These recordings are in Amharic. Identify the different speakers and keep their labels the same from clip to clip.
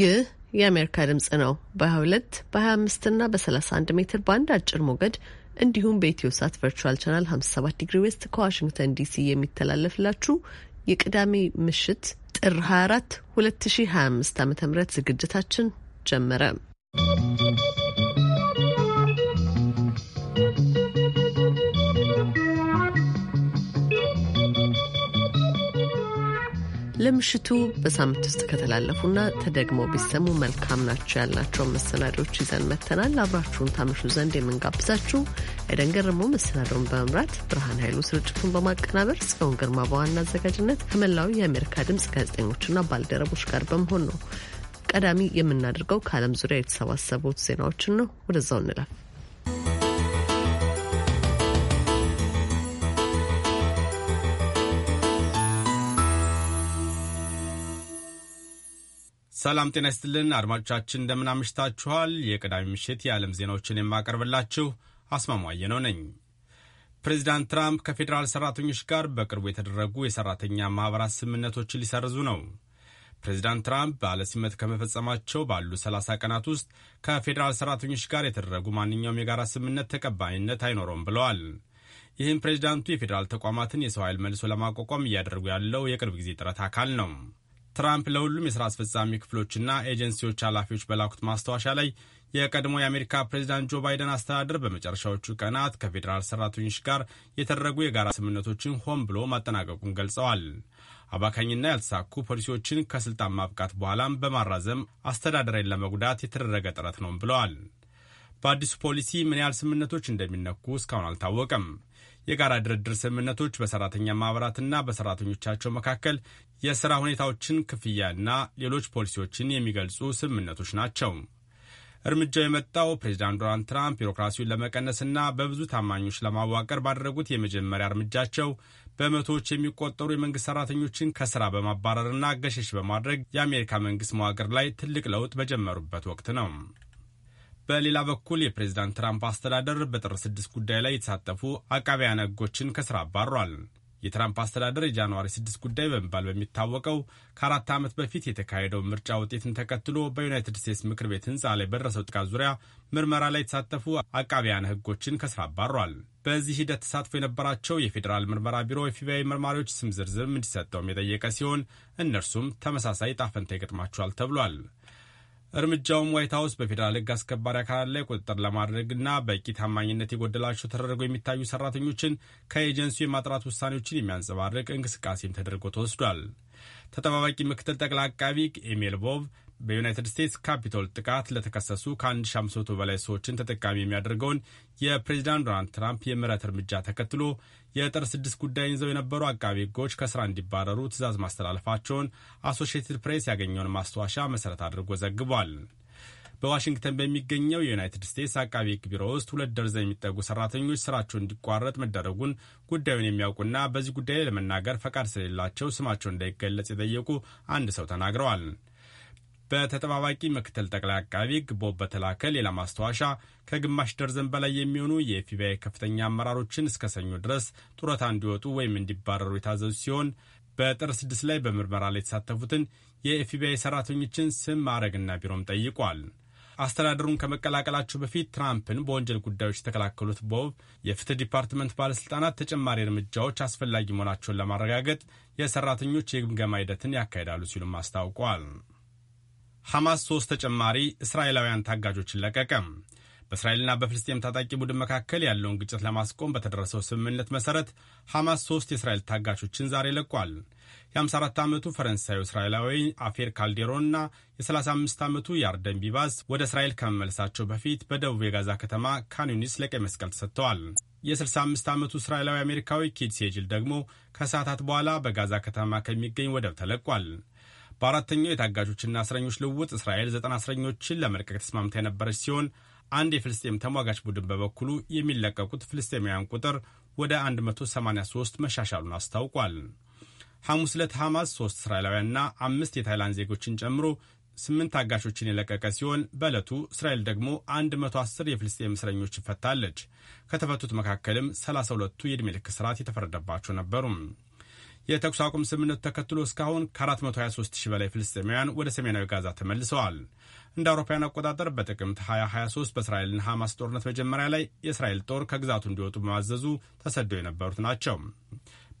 Speaker 1: ይህ የአሜሪካ ድምጽ ነው። በ22 በ25 እና በ31 ሜትር ባንድ አጭር ሞገድ እንዲሁም በኢትዮ ሳት ቨርቹዋል ቻናል 57 ዲግሪ ዌስት ከዋሽንግተን ዲሲ የሚተላለፍላችሁ የቅዳሜ ምሽት ጥር 24 2025 ዓ ም ዝግጅታችን ጀመረ። ለምሽቱ በሳምንት ውስጥ ከተላለፉና ተደግሞ ቢሰሙ መልካም ናቸው ያልናቸውን መሰናዶዎች ይዘን መተናል። አብራችሁን ታመሹ ዘንድ የምንጋብዛችሁ ኤደን ገረሞ መሰናዶውን በመምራት ብርሃን ኃይሉ ስርጭቱን በማቀናበር ጽዮን ግርማ በዋና አዘጋጅነት ከመላው የአሜሪካ ድምፅ ጋዜጠኞችና ባልደረቦች ጋር በመሆን ነው። ቀዳሚ የምናደርገው ከዓለም ዙሪያ የተሰባሰቡት ዜናዎችን ነው። ወደዛው እንላል።
Speaker 2: ሰላም ጤና ይስጥልን አድማጮቻችን፣ እንደምን አምሽታችኋል? የቅዳሜ ምሽት የዓለም ዜናዎችን የማቀርብላችሁ አስማማየ ነው ነኝ። ፕሬዚዳንት ትራምፕ ከፌዴራል ሰራተኞች ጋር በቅርቡ የተደረጉ የሰራተኛ ማኅበራት ስምምነቶችን ሊሰርዙ ነው። ፕሬዚዳንት ትራምፕ በአለሲመት ከመፈጸማቸው ባሉ 30 ቀናት ውስጥ ከፌዴራል ሰራተኞች ጋር የተደረጉ ማንኛውም የጋራ ስምምነት ተቀባይነት አይኖረውም ብለዋል። ይህም ፕሬዚዳንቱ የፌዴራል ተቋማትን የሰው ኃይል መልሶ ለማቋቋም እያደረጉ ያለው የቅርብ ጊዜ ጥረት አካል ነው። ትራምፕ ለሁሉም የሥራ አስፈጻሚ ክፍሎችና ኤጀንሲዎች ኃላፊዎች በላኩት ማስታወሻ ላይ የቀድሞ የአሜሪካ ፕሬዚዳንት ጆ ባይደን አስተዳደር በመጨረሻዎቹ ቀናት ከፌዴራል ሰራተኞች ጋር የተደረጉ የጋራ ስምምነቶችን ሆን ብሎ ማጠናቀቁን ገልጸዋል። አባካኝና ያልተሳኩ ፖሊሲዎችን ከስልጣን ማብቃት በኋላም በማራዘም አስተዳደርን ለመጉዳት የተደረገ ጥረት ነው ብለዋል። በአዲሱ ፖሊሲ ምን ያህል ስምምነቶች እንደሚነኩ እስካሁን አልታወቀም። የጋራ ድርድር ስምምነቶች በሰራተኛ ማህበራትና በሰራተኞቻቸው መካከል የሥራ ሁኔታዎችን፣ ክፍያና ሌሎች ፖሊሲዎችን የሚገልጹ ስምምነቶች ናቸው። እርምጃው የመጣው ፕሬዚዳንት ዶናልድ ትራምፕ ቢሮክራሲውን ለመቀነስና በብዙ ታማኞች ለማዋቀር ባደረጉት የመጀመሪያ እርምጃቸው በመቶዎች የሚቆጠሩ የመንግሥት ሠራተኞችን ከሥራ በማባረርና ገሸሽ በማድረግ የአሜሪካ መንግሥት መዋቅር ላይ ትልቅ ለውጥ በጀመሩበት ወቅት ነው። በሌላ በኩል የፕሬዝዳንት ትራምፕ አስተዳደር በጥር ስድስት ጉዳይ ላይ የተሳተፉ አቃቢያነ ህጎችን ከስራ አባሯል። የትራምፕ አስተዳደር የጃንዋሪ ስድስት ጉዳይ በመባል በሚታወቀው ከአራት ዓመት በፊት የተካሄደው ምርጫ ውጤትን ተከትሎ በዩናይትድ ስቴትስ ምክር ቤት ህንፃ ላይ በደረሰው ጥቃት ዙሪያ ምርመራ ላይ የተሳተፉ አቃቢያነ ህጎችን ከስራ አባሯል። በዚህ ሂደት ተሳትፎ የነበራቸው የፌዴራል ምርመራ ቢሮ የፊቢአይ መርማሪዎች ስም ዝርዝርም እንዲሰጠውም የጠየቀ ሲሆን እነርሱም ተመሳሳይ ጣፈንታ ይገጥማቸዋል ተብሏል። እርምጃውም ዋይት ሀውስ በፌዴራል ሕግ አስከባሪ አካላት ላይ ቁጥጥር ለማድረግና በቂ ታማኝነት የጎደላቸው ተደርገው የሚታዩ ሰራተኞችን ከኤጀንሲው የማጥራት ውሳኔዎችን የሚያንጸባርቅ እንቅስቃሴም ተደርጎ ተወስዷል። ተጠባባቂ ምክትል ጠቅላይ አቃቢ ኤሜል ቦቭ በዩናይትድ ስቴትስ ካፒቶል ጥቃት ለተከሰሱ ከ1500 በላይ ሰዎችን ተጠቃሚ የሚያደርገውን የፕሬዚዳንት ዶናልድ ትራምፕ የምህረት እርምጃ ተከትሎ የጥር ስድስት ጉዳይን ይዘው የነበሩ አቃቢ ሕጎች ከስራ እንዲባረሩ ትእዛዝ ማስተላለፋቸውን አሶሽትድ ፕሬስ ያገኘውን ማስታወሻ መሠረት አድርጎ ዘግቧል። በዋሽንግተን በሚገኘው የዩናይትድ ስቴትስ አቃቢ ሕግ ቢሮ ውስጥ ሁለት ደርዘን የሚጠጉ ሰራተኞች ስራቸው እንዲቋረጥ መደረጉን ጉዳዩን የሚያውቁና በዚህ ጉዳይ ላይ ለመናገር ፈቃድ ስለሌላቸው ስማቸው እንዳይገለጽ የጠየቁ አንድ ሰው ተናግረዋል። በተጠባባቂ ምክትል ጠቅላይ አቃቢ ሕግ ቦብ በተላከ ሌላ ማስታወሻ ከግማሽ ደርዘን በላይ የሚሆኑ የኤፍቢአይ ከፍተኛ አመራሮችን እስከ ሰኞ ድረስ ጡረታ እንዲወጡ ወይም እንዲባረሩ የታዘዙ ሲሆን በጥር ስድስት ላይ በምርመራ ላይ የተሳተፉትን የኤፍቢአይ ሰራተኞችን ስም ማዕረግና ቢሮም ጠይቋል። አስተዳደሩን ከመቀላቀላቸው በፊት ትራምፕን በወንጀል ጉዳዮች የተከላከሉት ቦብ የፍትህ ዲፓርትመንት ባለሥልጣናት ተጨማሪ እርምጃዎች አስፈላጊ መሆናቸውን ለማረጋገጥ የሰራተኞች የግምገማ ሂደትን ያካሂዳሉ ሲሉም አስታውቋል። ሐማስ ሦስት ተጨማሪ እስራኤላውያን ታጋጆችን ለቀቀ። በእስራኤልና በፍልስጤም ታጣቂ ቡድን መካከል ያለውን ግጭት ለማስቆም በተደረሰው ስምምነት መሠረት ሐማስ ሦስት የእስራኤል ታጋቾችን ዛሬ ለቋል። የ54 ዓመቱ ፈረንሳዊ እስራኤላዊ አፌር እና የ35 ዓመቱ የአርደን ቢባዝ ወደ እስራኤል ከመመለሳቸው በፊት በደቡብ የጋዛ ከተማ ካንዩኒስ ለቀይ መስቀል ተሰጥተዋል። የ65 ዓመቱ እስራኤላዊ አሜሪካዊ ኪድ ሴጅል ደግሞ ከሰዓታት በኋላ በጋዛ ከተማ ከሚገኝ ወደብ ተለቋል። በአራተኛው የታጋቾችና እስረኞች ልውውጥ እስራኤል ዘጠና እስረኞችን ለመልቀቅ ተስማምታ የነበረች ሲሆን አንድ የፍልስጤም ተሟጋች ቡድን በበኩሉ የሚለቀቁት ፍልስጤማውያን ቁጥር ወደ 183 መሻሻሉን አስታውቋል። ሐሙስ ዕለት ሐማስ ሦስት እስራኤላውያንና አምስት የታይላንድ ዜጎችን ጨምሮ ስምንት ታጋሾችን የለቀቀ ሲሆን በዕለቱ እስራኤል ደግሞ 110 የፍልስጤም እስረኞች ይፈታለች። ከተፈቱት መካከልም 32ቱ የዕድሜ ልክ እስራት የተፈረደባቸው ነበሩም። የተኩስ አቁም ስምምነቱ ተከትሎ እስካሁን ከ423 ሺህ በላይ ፍልስጤማውያን ወደ ሰሜናዊ ጋዛ ተመልሰዋል። እንደ አውሮፓውያን አቆጣጠር በጥቅምት 2023 በእስራኤልና ሐማስ ጦርነት መጀመሪያ ላይ የእስራኤል ጦር ከግዛቱ እንዲወጡ በማዘዙ ተሰደው የነበሩት ናቸው።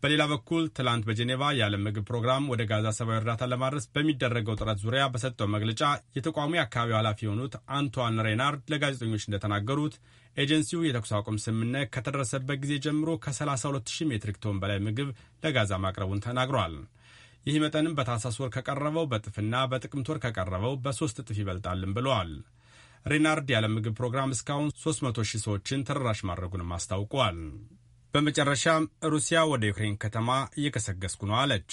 Speaker 2: በሌላ በኩል ትላንት በጄኔቫ የዓለም ምግብ ፕሮግራም ወደ ጋዛ ሰብአዊ እርዳታ ለማድረስ በሚደረገው ጥረት ዙሪያ በሰጠው መግለጫ የተቋሙ የአካባቢው ኃላፊ የሆኑት አንቷን ሬናርድ ለጋዜጠኞች እንደተናገሩት ኤጀንሲው የተኩስ አቁም ስምምነት ከተደረሰበት ጊዜ ጀምሮ ከ32000 ሜትሪክ ቶን በላይ ምግብ ለጋዛ ማቅረቡን ተናግሯል። ይህ መጠንም በታህሳስ ወር ከቀረበው በጥፍና በጥቅምት ወር ከቀረበው በሦስት እጥፍ ይበልጣልም ብለዋል። ሬናርድ የዓለም ምግብ ፕሮግራም እስካሁን 300 ሺህ ሰዎችን ተደራሽ ማድረጉንም አስታውቋል። በመጨረሻም ሩሲያ ወደ ዩክሬን ከተማ እየከሰገስኩ ነው አለች።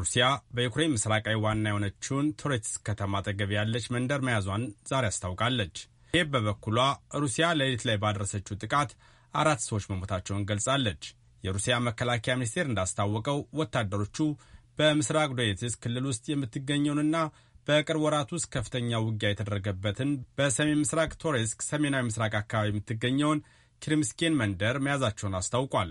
Speaker 2: ሩሲያ በዩክሬን ምስራቃዊ ዋና የሆነችውን ቶሬትስ ከተማ አጠገብ ያለች መንደር መያዟን ዛሬ አስታውቃለች። ይህ በበኩሏ ሩሲያ ሌሊት ላይ ባደረሰችው ጥቃት አራት ሰዎች መሞታቸውን ገልጻለች። የሩሲያ መከላከያ ሚኒስቴር እንዳስታወቀው ወታደሮቹ በምስራቅ ዶኔትስክ ክልል ውስጥ የምትገኘውንና በቅርብ ወራት ውስጥ ከፍተኛ ውጊያ የተደረገበትን በሰሜን ምስራቅ ቶሬስክ ሰሜናዊ ምስራቅ አካባቢ የምትገኘውን ኪርምስኬን መንደር መያዛቸውን አስታውቋል።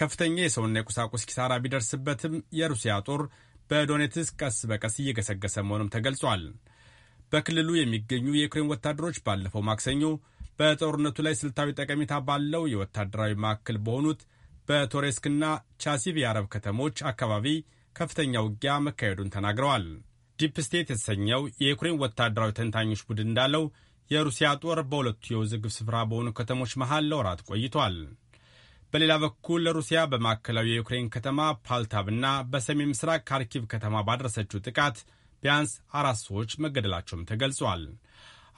Speaker 2: ከፍተኛ የሰውና የቁሳቁስ ኪሳራ ቢደርስበትም የሩሲያ ጦር በዶኔትስክ ቀስ በቀስ እየገሰገሰ መሆኑም ተገልጿል። በክልሉ የሚገኙ የዩክሬን ወታደሮች ባለፈው ማክሰኞ በጦርነቱ ላይ ስልታዊ ጠቀሜታ ባለው የወታደራዊ ማዕከል በሆኑት በቶሬስክና ቻሲቭ የአረብ ከተሞች አካባቢ ከፍተኛ ውጊያ መካሄዱን ተናግረዋል። ዲፕ ስቴት የተሰኘው የዩክሬን ወታደራዊ ተንታኞች ቡድን እንዳለው የሩሲያ ጦር በሁለቱ የውዝግብ ስፍራ በሆኑ ከተሞች መሃል ለወራት ቆይቷል። በሌላ በኩል ሩሲያ በማዕከላዊ የዩክሬን ከተማ ፓልታቭና በሰሜን ምስራቅ ካርኪቭ ከተማ ባደረሰችው ጥቃት ቢያንስ አራት ሰዎች መገደላቸውም ተገልጿል።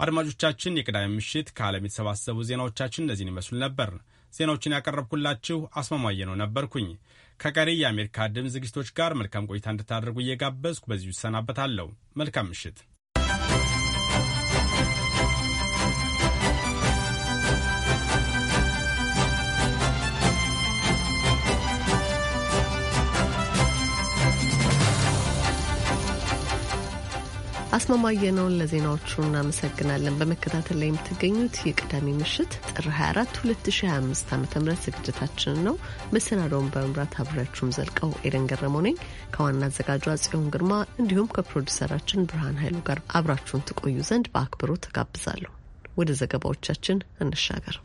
Speaker 2: አድማጮቻችን፣ የቅዳሜ ምሽት ከዓለም የተሰባሰቡ ዜናዎቻችን እነዚህን ይመስሉ ነበር። ዜናዎችን ያቀረብኩላችሁ አስማማየ ነው ነበርኩኝ። ከቀሪ የአሜሪካ ድምፅ ዝግጅቶች ጋር መልካም ቆይታ እንድታደርጉ እየጋበዝኩ በዚሁ ይሰናበታለሁ። መልካም ምሽት።
Speaker 1: አስማማየነውን ለዜናዎቹ እናመሰግናለን። በመከታተል ላይ የምትገኙት የቅዳሜ ምሽት ጥር 24 2025 ዓ ም ዝግጅታችንን ነው። መሰናዶውን በመምራት አብሬያችሁም ዘልቀው ኤደን ገረመው ነኝ ከዋና አዘጋጇ ጽዮን ግርማ እንዲሁም ከፕሮዲሰራችን ብርሃን ኃይሉ ጋር አብራችሁን ትቆዩ ዘንድ በአክብሮት ተጋብዛለሁ። ወደ ዘገባዎቻችን እንሻገር።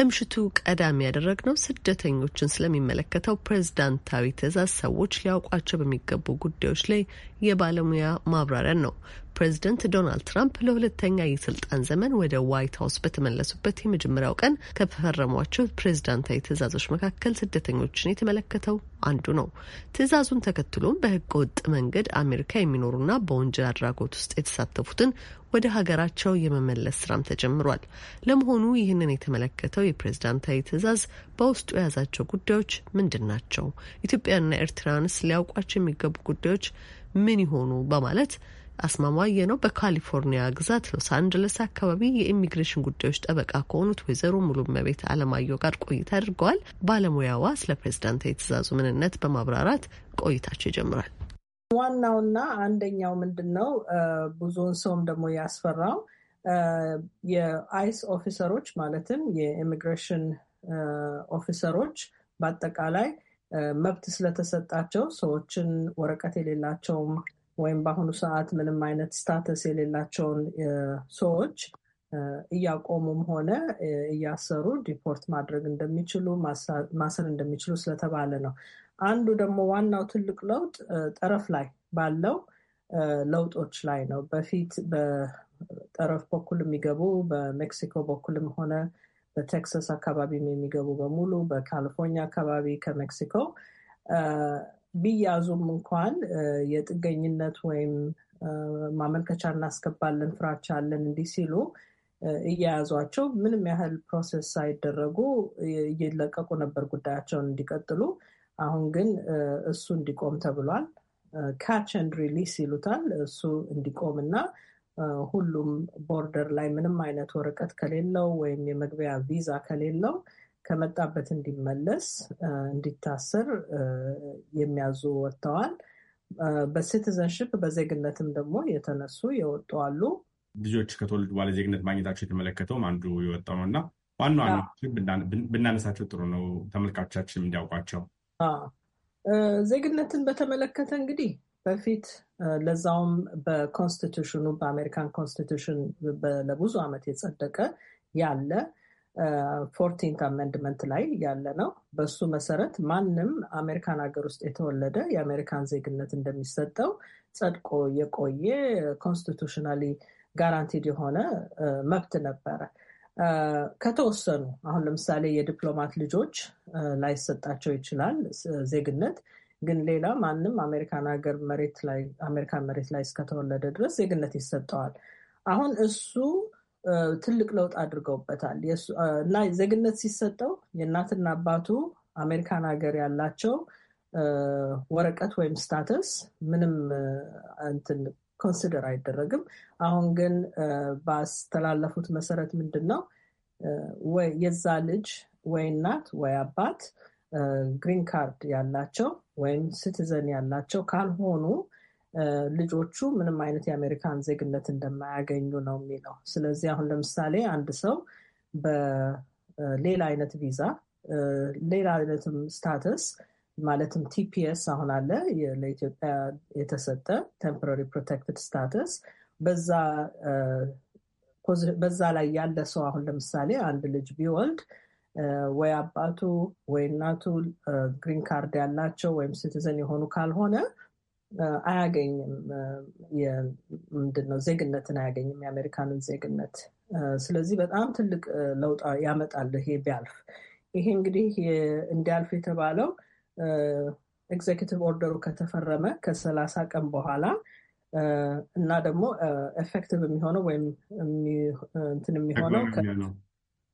Speaker 1: ለምሽቱ ቀዳሚ ያደረግነው ስደተኞችን ስለሚመለከተው ፕሬዝዳንታዊ ትዕዛዝ ሰዎች ሊያውቋቸው በሚገቡ ጉዳዮች ላይ የባለሙያ ማብራሪያን ነው። ፕሬዚደንት ዶናልድ ትራምፕ ለሁለተኛ የስልጣን ዘመን ወደ ዋይት ሀውስ በተመለሱበት የመጀመሪያው ቀን ከፈረሟቸው ፕሬዚዳንታዊ ትዕዛዞች መካከል ስደተኞችን የተመለከተው አንዱ ነው። ትዕዛዙን ተከትሎም በህገ ወጥ መንገድ አሜሪካ የሚኖሩና በወንጀል አድራጎት ውስጥ የተሳተፉትን ወደ ሀገራቸው የመመለስ ስራም ተጀምሯል። ለመሆኑ ይህንን የተመለከተው የፕሬዝዳንታዊ ትዕዛዝ በውስጡ የያዛቸው ጉዳዮች ምንድን ናቸው? ኢትዮጵያና ኤርትራንስ ሊያውቋቸው የሚገቡ ጉዳዮች ምን ይሆኑ? በማለት አስማማየ ነው በካሊፎርኒያ ግዛት ሎስ አንጀለስ አካባቢ የኢሚግሬሽን ጉዳዮች ጠበቃ ከሆኑት ወይዘሮ መቤት አለማየሁ ጋር ቆይታ አድርገዋል። ባለሙያዋ ስለ ፕሬዝዳንታዊ ትዕዛዙ ምንነት በማብራራት ቆይታቸው ይጀምራል።
Speaker 3: ዋናውና አንደኛው ምንድን ነው ብዙውን ሰውም ደግሞ ያስፈራው የአይስ ኦፊሰሮች ማለትም የኢሚግሬሽን ኦፊሰሮች በአጠቃላይ መብት ስለተሰጣቸው ሰዎችን ወረቀት የሌላቸውም ወይም በአሁኑ ሰዓት ምንም አይነት ስታተስ የሌላቸውን ሰዎች እያቆሙም ሆነ እያሰሩ ዲፖርት ማድረግ እንደሚችሉ ማሰር እንደሚችሉ ስለተባለ ነው። አንዱ ደግሞ ዋናው ትልቅ ለውጥ ጠረፍ ላይ ባለው ለውጦች ላይ ነው። በፊት በጠረፍ በኩል የሚገቡ በሜክሲኮ በኩልም ሆነ በቴክሳስ አካባቢም የሚገቡ በሙሉ በካሊፎርኒያ አካባቢ ከሜክሲኮ ቢያዙም እንኳን የጥገኝነት ወይም ማመልከቻ እናስገባለን፣ ፍራቻ አለን እንዲህ ሲሉ እያያዟቸው ምንም ያህል ፕሮሰስ ሳይደረጉ እየለቀቁ ነበር ጉዳያቸውን እንዲቀጥሉ አሁን ግን እሱ እንዲቆም ተብሏል። ካች ኤንድ ሪሊስ ይሉታል። እሱ እንዲቆም እና ሁሉም ቦርደር ላይ ምንም አይነት ወረቀት ከሌለው ወይም የመግቢያ ቪዛ ከሌለው ከመጣበት እንዲመለስ እንዲታሰር የሚያዙ ወጥተዋል። በሲቲዘንሽፕ በዜግነትም ደግሞ የተነሱ የወጡ
Speaker 2: አሉ። ልጆች ከተወለዱ በኋላ ዜግነት ማግኘታቸው የተመለከተውም አንዱ የወጣው ነው እና ዋና ዋናዎችን ብናነሳቸው ጥሩ ነው፣ ተመልካቾቻችን እንዲያውቋቸው።
Speaker 3: ዜግነትን በተመለከተ እንግዲህ በፊት ለዛውም በኮንስቲቱሽኑ በአሜሪካን ኮንስቲቱሽን ለብዙ ዓመት የጸደቀ ያለ ፎርቲንት አሜንድመንት ላይ ያለ ነው። በሱ መሰረት ማንም አሜሪካን ሀገር ውስጥ የተወለደ የአሜሪካን ዜግነት እንደሚሰጠው ጸድቆ የቆየ ኮንስቲቱሽናሊ ጋራንቲድ የሆነ መብት ነበረ። ከተወሰኑ አሁን ለምሳሌ የዲፕሎማት ልጆች ላይሰጣቸው ይችላል ዜግነት። ግን ሌላ ማንም አሜሪካን ሀገር መሬት ላይ አሜሪካን መሬት ላይ እስከተወለደ ድረስ ዜግነት ይሰጠዋል። አሁን እሱ ትልቅ ለውጥ አድርገውበታል እና ዜግነት ሲሰጠው የእናትና አባቱ አሜሪካን ሀገር ያላቸው ወረቀት ወይም ስታተስ ምንም እንትን ኮንሲደር አይደረግም። አሁን ግን ባስተላለፉት መሰረት ምንድን ነው ወይ የዛ ልጅ ወይ እናት ወይ አባት ግሪን ካርድ ያላቸው ወይም ሲቲዘን ያላቸው ካልሆኑ ልጆቹ ምንም አይነት የአሜሪካን ዜግነት እንደማያገኙ ነው የሚለው። ስለዚህ አሁን ለምሳሌ አንድ ሰው በሌላ አይነት ቪዛ ሌላ አይነትም ስታተስ ማለትም ቲፒኤስ አሁን አለ ለኢትዮጵያ የተሰጠ ቴምፖራሪ ፕሮቴክትድ ስታተስ። በዛ ላይ ያለ ሰው አሁን ለምሳሌ አንድ ልጅ ቢወልድ ወይ አባቱ ወይ እናቱ ግሪን ካርድ ያላቸው ወይም ሲቲዘን የሆኑ ካልሆነ አያገኝም። ምንድን ነው ዜግነትን አያገኝም፣ የአሜሪካንን ዜግነት። ስለዚህ በጣም ትልቅ ለውጥ ያመጣል ይሄ ቢያልፍ። ይሄ እንግዲህ እንዲያልፍ የተባለው ኤግዜኪቲቭ ኦርደሩ ከተፈረመ ከሰላሳ ቀን በኋላ እና ደግሞ ኤፌክቲቭ የሚሆነው ወይም እንትን የሚሆነው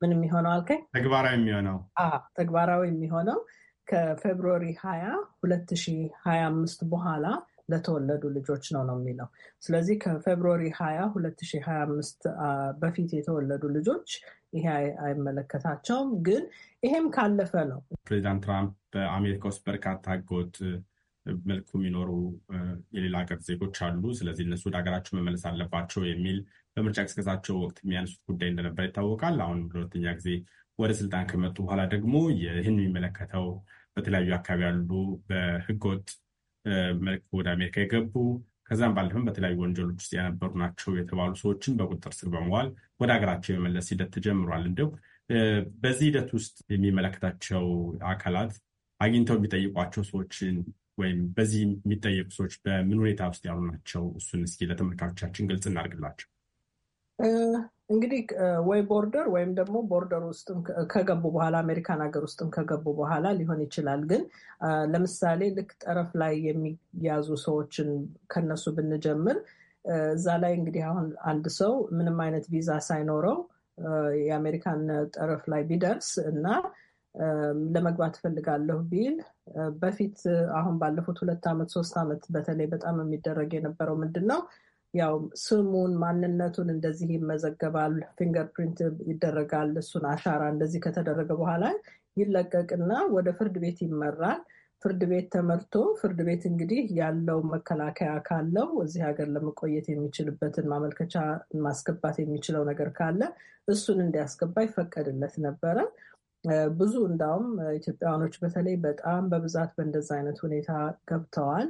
Speaker 3: ምን የሚሆነው አልከኝ? ተግባራዊ የሚሆነው ተግባራዊ የሚሆነው ከፌብሩዋሪ ሀያ ሁለት ሺህ ሀያ አምስት በኋላ ለተወለዱ ልጆች ነው ነው የሚለው። ስለዚህ ከፌብሩዋሪ 20 2025 በፊት የተወለዱ ልጆች ይሄ አይመለከታቸውም። ግን ይሄም ካለፈ ነው።
Speaker 2: ፕሬዚዳንት ትራምፕ በአሜሪካ ውስጥ በርካታ ህገወጥ መልኩ የሚኖሩ የሌላ ሀገር ዜጎች አሉ፣ ስለዚህ እነሱ ወደ ሀገራቸው መመለስ አለባቸው የሚል በምርጫ ቅስቀሳቸው ወቅት የሚያነሱት ጉዳይ እንደነበር ይታወቃል። አሁን ለሁለተኛ ጊዜ ወደ ስልጣን ከመጡ በኋላ ደግሞ ይህን የሚመለከተው በተለያዩ አካባቢ ያሉ በህገወጥ መልክ ወደ አሜሪካ የገቡ ከዛም ባለፈም በተለያዩ ወንጀሎች ውስጥ የነበሩ ናቸው የተባሉ ሰዎችን በቁጥጥር ስር በመዋል ወደ ሀገራቸው የመመለስ ሂደት ተጀምሯል። እንዲሁ በዚህ ሂደት ውስጥ የሚመለከታቸው አካላት አግኝተው የሚጠይቋቸው ሰዎችን ወይም በዚህ የሚጠየቁ ሰዎች በምን ሁኔታ ውስጥ ያሉ ናቸው? እሱን እስኪ ለተመልካቾቻችን ግልጽ እናድርግላቸው።
Speaker 3: እንግዲህ ወይ ቦርደር ወይም ደግሞ ቦርደር ውስጥም ከገቡ በኋላ አሜሪካን ሀገር ውስጥም ከገቡ በኋላ ሊሆን ይችላል። ግን ለምሳሌ ልክ ጠረፍ ላይ የሚያዙ ሰዎችን ከነሱ ብንጀምር እዛ ላይ እንግዲህ አሁን አንድ ሰው ምንም አይነት ቪዛ ሳይኖረው የአሜሪካን ጠረፍ ላይ ቢደርስ እና ለመግባት እፈልጋለሁ ቢል በፊት አሁን ባለፉት ሁለት ዓመት ሶስት ዓመት በተለይ በጣም የሚደረግ የነበረው ምንድን ነው ያው ስሙን ማንነቱን እንደዚህ ይመዘገባል፣ ፊንገር ፕሪንት ይደረጋል። እሱን አሻራ እንደዚህ ከተደረገ በኋላ ይለቀቅና ወደ ፍርድ ቤት ይመራል። ፍርድ ቤት ተመርቶ ፍርድ ቤት እንግዲህ ያለው መከላከያ ካለው እዚህ ሀገር ለመቆየት የሚችልበትን ማመልከቻ ማስገባት የሚችለው ነገር ካለ እሱን እንዲያስገባ ይፈቀድለት ነበረ። ብዙ እንዳውም ኢትዮጵያውያኖች በተለይ በጣም በብዛት በእንደዛ አይነት ሁኔታ ገብተዋል።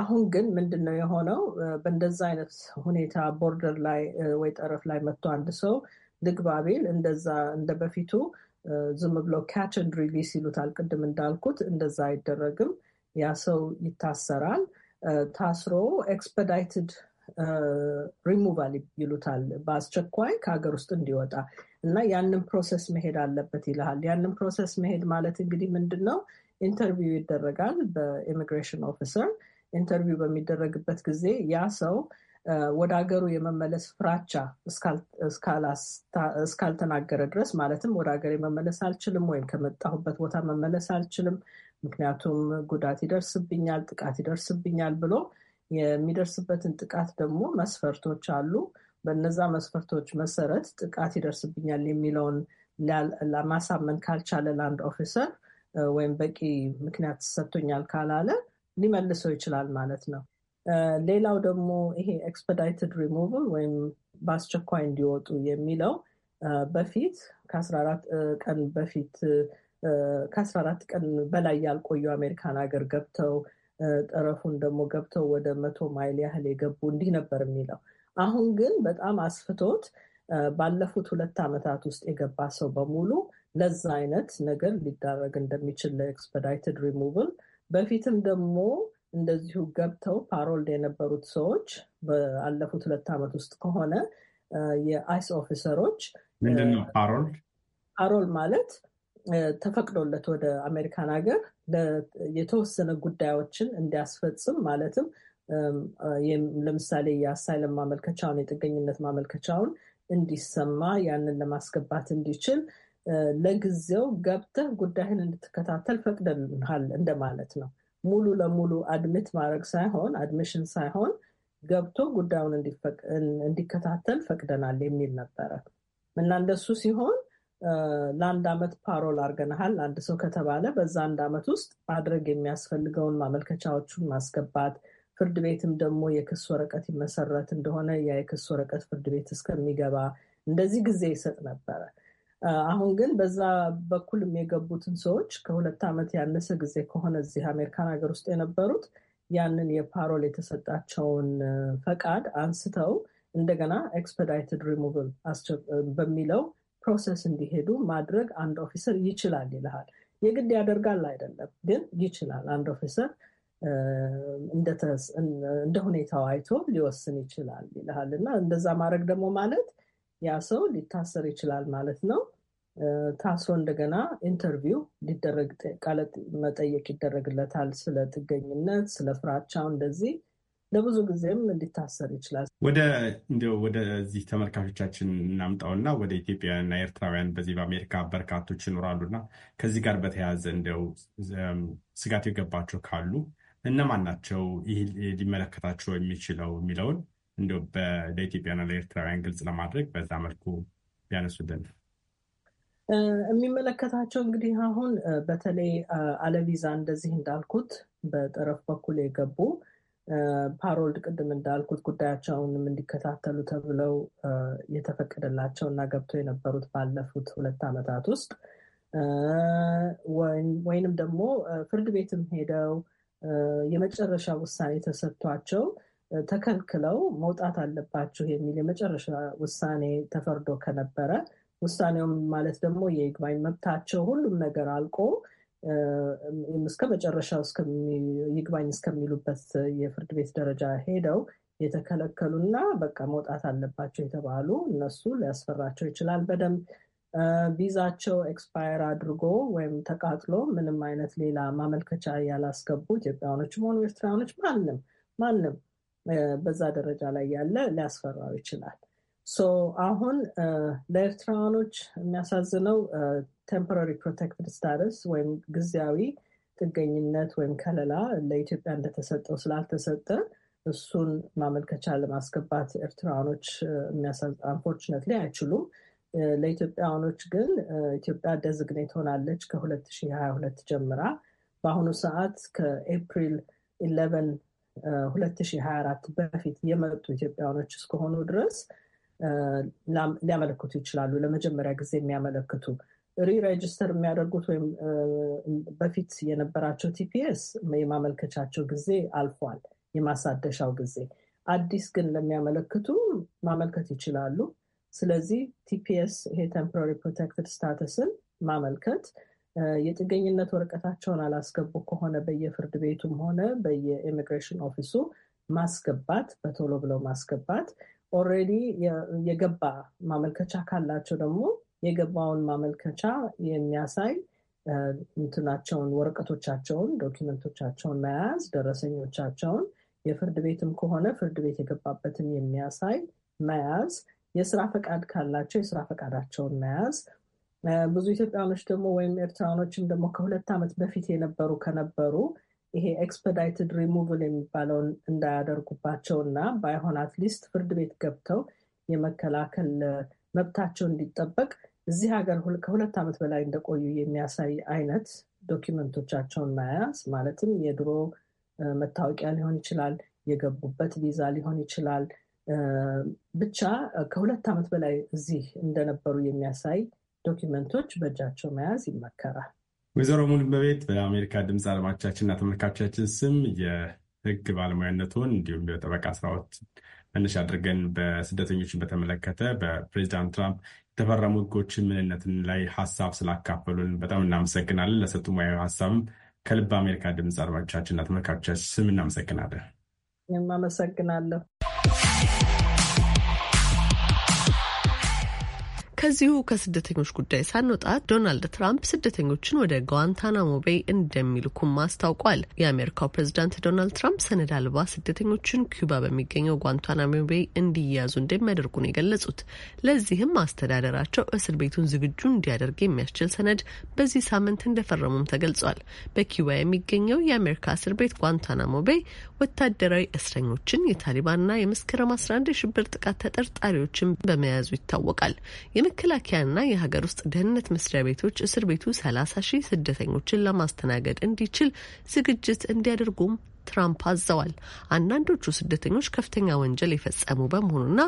Speaker 3: አሁን ግን ምንድን ነው የሆነው? በእንደዛ አይነት ሁኔታ ቦርደር ላይ ወይ ጠረፍ ላይ መጥቶ አንድ ሰው ልግባ ቢል እንደዛ እንደ በፊቱ ዝም ብሎ ካች ኤንድ ሪሊስ ይሉታል። ቅድም እንዳልኩት እንደዛ አይደረግም። ያ ሰው ይታሰራል። ታስሮ ኤክስፐዳይትድ ሪሙቫል ይሉታል። በአስቸኳይ ከሀገር ውስጥ እንዲወጣ እና ያንን ፕሮሰስ መሄድ አለበት ይልሃል። ያንን ፕሮሰስ መሄድ ማለት እንግዲህ ምንድን ነው? ኢንተርቪው ይደረጋል በኢሚግሬሽን ኦፊሰር ኢንተርቪው በሚደረግበት ጊዜ ያ ሰው ወደ ሀገሩ የመመለስ ፍራቻ እስካልተናገረ ድረስ ማለትም ወደ ሀገር የመመለስ አልችልም ወይም ከመጣሁበት ቦታ መመለስ አልችልም፣ ምክንያቱም ጉዳት ይደርስብኛል፣ ጥቃት ይደርስብኛል ብሎ የሚደርስበትን ጥቃት ደግሞ መስፈርቶች አሉ። በነዛ መስፈርቶች መሰረት ጥቃት ይደርስብኛል የሚለውን ለማሳመን ካልቻለ ለአንድ ኦፊሰር ወይም በቂ ምክንያት ሰጥቶኛል ካላለ ሊመልሰው ይችላል ማለት ነው። ሌላው ደግሞ ይሄ ኤክስፐዳይትድ ሪሞቭል ወይም በአስቸኳይ እንዲወጡ የሚለው በፊት ከ14 ቀን በፊት ከአስራ አራት ቀን በላይ ያልቆዩ አሜሪካን ሀገር ገብተው ጠረፉን ደግሞ ገብተው ወደ መቶ ማይል ያህል የገቡ እንዲህ ነበር የሚለው። አሁን ግን በጣም አስፍቶት ባለፉት ሁለት ዓመታት ውስጥ የገባ ሰው በሙሉ ለዛ አይነት ነገር ሊዳረግ እንደሚችል ለኤክስፐዳይትድ ሪሞቭል በፊትም ደግሞ እንደዚሁ ገብተው ፓሮልድ የነበሩት ሰዎች በአለፉት ሁለት ዓመት ውስጥ ከሆነ የአይስ ኦፊሰሮች
Speaker 2: ምንድን ነው ፓሮልድ?
Speaker 3: ፓሮል ማለት ተፈቅዶለት ወደ አሜሪካን ሀገር የተወሰነ ጉዳዮችን እንዲያስፈጽም ማለትም ለምሳሌ የአሳይለም ማመልከቻውን የጥገኝነት ማመልከቻውን እንዲሰማ ያንን ለማስገባት እንዲችል ለጊዜው ገብተህ ጉዳይህን እንድትከታተል ፈቅደንሃል እንደማለት ነው። ሙሉ ለሙሉ አድሚት ማድረግ ሳይሆን አድሚሽን ሳይሆን ገብቶ ጉዳዩን እንዲከታተል ፈቅደናል የሚል ነበረ እና እንደሱ ሲሆን ለአንድ ዓመት ፓሮል አድርገናሃል አንድ ሰው ከተባለ በዛ አንድ ዓመት ውስጥ ማድረግ የሚያስፈልገውን ማመልከቻዎቹን ማስገባት ፍርድ ቤትም ደግሞ የክስ ወረቀት ይመሰረት እንደሆነ ያ የክስ ወረቀት ፍርድ ቤት እስከሚገባ እንደዚህ ጊዜ ይሰጥ ነበረ። አሁን ግን በዛ በኩልም የገቡትን ሰዎች ከሁለት ዓመት ያነሰ ጊዜ ከሆነ እዚህ አሜሪካን ሀገር ውስጥ የነበሩት ያንን የፓሮል የተሰጣቸውን ፈቃድ አንስተው እንደገና ኤክስፐዳይትድ ሪሙቭል በሚለው ፕሮሰስ እንዲሄዱ ማድረግ አንድ ኦፊሰር ይችላል ይልሃል። የግድ ያደርጋል አይደለም፣ ግን ይችላል። አንድ ኦፊሰር እንደ ሁኔታው አይቶ ሊወስን ይችላል ይልሃል እና እንደዛ ማድረግ ደግሞ ማለት ያ ሰው ሊታሰር ይችላል ማለት ነው። ታስሮ እንደገና ኢንተርቪው ሊደረግ ቃለ መጠየቅ ይደረግለታል። ስለ ጥገኝነት፣ ስለ ፍራቻው እንደዚህ ለብዙ ጊዜም ሊታሰር ይችላል።
Speaker 2: ወደ እንዲያው ወደዚህ ተመልካቾቻችን እናምጣውና ወደ ኢትዮጵያውያንና ኤርትራውያን በዚህ በአሜሪካ በርካቶች ይኖራሉና ከዚህ ጋር በተያያዘ እንዲያው ስጋት የገባቸው ካሉ እነማን ናቸው ይህ ሊመለከታቸው የሚችለው የሚለውን እንዲሁ ለኢትዮጵያና ለኤርትራውያን ግልጽ ለማድረግ በዛ መልኩ ቢያነሱልን
Speaker 3: የሚመለከታቸው እንግዲህ አሁን በተለይ አለቪዛ እንደዚህ እንዳልኩት በጠረፍ በኩል የገቡ ፓሮልድ ቅድም እንዳልኩት ጉዳያቸውንም እንዲከታተሉ ተብለው የተፈቀደላቸው እና ገብተው የነበሩት ባለፉት ሁለት ዓመታት ውስጥ ወይንም ደግሞ ፍርድ ቤትም ሄደው የመጨረሻ ውሳኔ ተሰጥቷቸው ተከልክለው መውጣት አለባችሁ የሚል የመጨረሻ ውሳኔ ተፈርዶ ከነበረ ውሳኔውም ማለት ደግሞ የይግባኝ መብታቸው ሁሉም ነገር አልቆ እስከ መጨረሻው ይግባኝ እስከሚሉበት የፍርድ ቤት ደረጃ ሄደው የተከለከሉና በቃ መውጣት አለባቸው የተባሉ እነሱ ሊያስፈራቸው ይችላል። በደንብ ቪዛቸው ኤክስፓየር አድርጎ ወይም ተቃጥሎ ምንም አይነት ሌላ ማመልከቻ ያላስገቡ ኢትዮጵያውያኖችም ሆኑ ኤርትራውያኖች ማንም ማንም በዛ ደረጃ ላይ ያለ ሊያስፈራው ይችላል። ሶ አሁን ለኤርትራውያኖች የሚያሳዝነው ቴምፖራሪ ፕሮቴክትድ ስታትስ ወይም ጊዜያዊ ጥገኝነት ወይም ከለላ ለኢትዮጵያ እንደተሰጠው ስላልተሰጠ እሱን ማመልከቻ ለማስገባት ኤርትራውያኖች ላይ አይችሉም። ለኢትዮጵያውያኖች ግን ኢትዮጵያ ደዝግኔት ሆናለች ከ2022 ጀምራ በአሁኑ ሰዓት ከኤፕሪል ኢለቨን 2024 በፊት የመጡ ኢትዮጵያውያኖች እስከሆኑ ድረስ ሊያመለክቱ ይችላሉ። ለመጀመሪያ ጊዜ የሚያመለክቱ ሪሬጅስተር የሚያደርጉት ወይም በፊት የነበራቸው ቲፒኤስ የማመልከቻቸው ጊዜ አልፏል፣ የማሳደሻው ጊዜ። አዲስ ግን ለሚያመለክቱ ማመልከት ይችላሉ። ስለዚህ ቲፒኤስ ይሄ ቴምፖራሪ ፕሮቴክትድ ስታተስን ማመልከት የጥገኝነት ወረቀታቸውን አላስገቡ ከሆነ በየፍርድ ቤቱም ሆነ በየኢሚግሬሽን ኦፊሱ ማስገባት፣ በቶሎ ብለው ማስገባት። ኦልሬዲ የገባ ማመልከቻ ካላቸው ደግሞ የገባውን ማመልከቻ የሚያሳይ እንትናቸውን ወረቀቶቻቸውን፣ ዶኪመንቶቻቸውን መያዝ፣ ደረሰኞቻቸውን የፍርድ ቤትም ከሆነ ፍርድ ቤት የገባበትን የሚያሳይ መያዝ፣ የስራ ፈቃድ ካላቸው የስራ ፈቃዳቸውን መያዝ ብዙ ኢትዮጵያኖች ደግሞ ወይም ኤርትራኖችም ደግሞ ከሁለት ዓመት በፊት የነበሩ ከነበሩ ይሄ ኤክስፐዳይትድ ሪሙቭል የሚባለውን እንዳያደርጉባቸው እና ባይሆን አትሊስት ፍርድ ቤት ገብተው የመከላከል መብታቸው እንዲጠበቅ እዚህ ሀገር ከሁለት ዓመት በላይ እንደቆዩ የሚያሳይ አይነት ዶኪመንቶቻቸውን መያዝ ማለትም የድሮ መታወቂያ ሊሆን ይችላል፣ የገቡበት ቪዛ ሊሆን ይችላል። ብቻ ከሁለት ዓመት በላይ እዚህ እንደነበሩ የሚያሳይ ዶኪመንቶች በእጃቸው መያዝ ይመከራል።
Speaker 2: ወይዘሮ በቤት በአሜሪካ ድምፅ አድማጮቻችንና ተመልካቾቻችን ስም የህግ ባለሙያነቱን እንዲሁም የጠበቃ ስራዎች መነሻ አድርገን በስደተኞችን በተመለከተ በፕሬዚዳንት ትራምፕ የተፈረሙ ህጎችን ምንነትን ላይ ሀሳብ ስላካፈሉን በጣም እናመሰግናለን። ለሰጡ ሙያዊ ሀሳብም ከልብ አሜሪካ ድምፅ አድማጮቻችንና ተመልካቾቻችን ስም እናመሰግናለን።
Speaker 3: እናመሰግናለሁ። ከዚሁ ከስደተኞች ጉዳይ
Speaker 1: ሳንወጣ ዶናልድ ትራምፕ ስደተኞችን ወደ ጓንታናሞ ቤይ እንደሚልኩም አስታውቋል። የአሜሪካው ፕሬዚዳንት ዶናልድ ትራምፕ ሰነድ አልባ ስደተኞችን ኪዩባ በሚገኘው ጓንታናሞ ቤይ እንዲያዙ እንደሚያደርጉ ነው የገለጹት። ለዚህም አስተዳደራቸው እስር ቤቱን ዝግጁ እንዲያደርግ የሚያስችል ሰነድ በዚህ ሳምንት እንደፈረሙም ተገልጿል። በኪዩባ የሚገኘው የአሜሪካ እስር ቤት ጓንታናሞ ቤይ ወታደራዊ እስረኞችን፣ የታሊባንና የመስከረም 11 የሽብር ጥቃት ተጠርጣሪዎችን በመያዙ ይታወቃል። የመከላከያና የሀገር ውስጥ ደህንነት መስሪያ ቤቶች እስር ቤቱ ሰላሳ ሺህ ስደተኞችን ለማስተናገድ እንዲችል ዝግጅት እንዲያደርጉም ትራምፕ አዘዋል። አንዳንዶቹ ስደተኞች ከፍተኛ ወንጀል የፈጸሙ በመሆኑና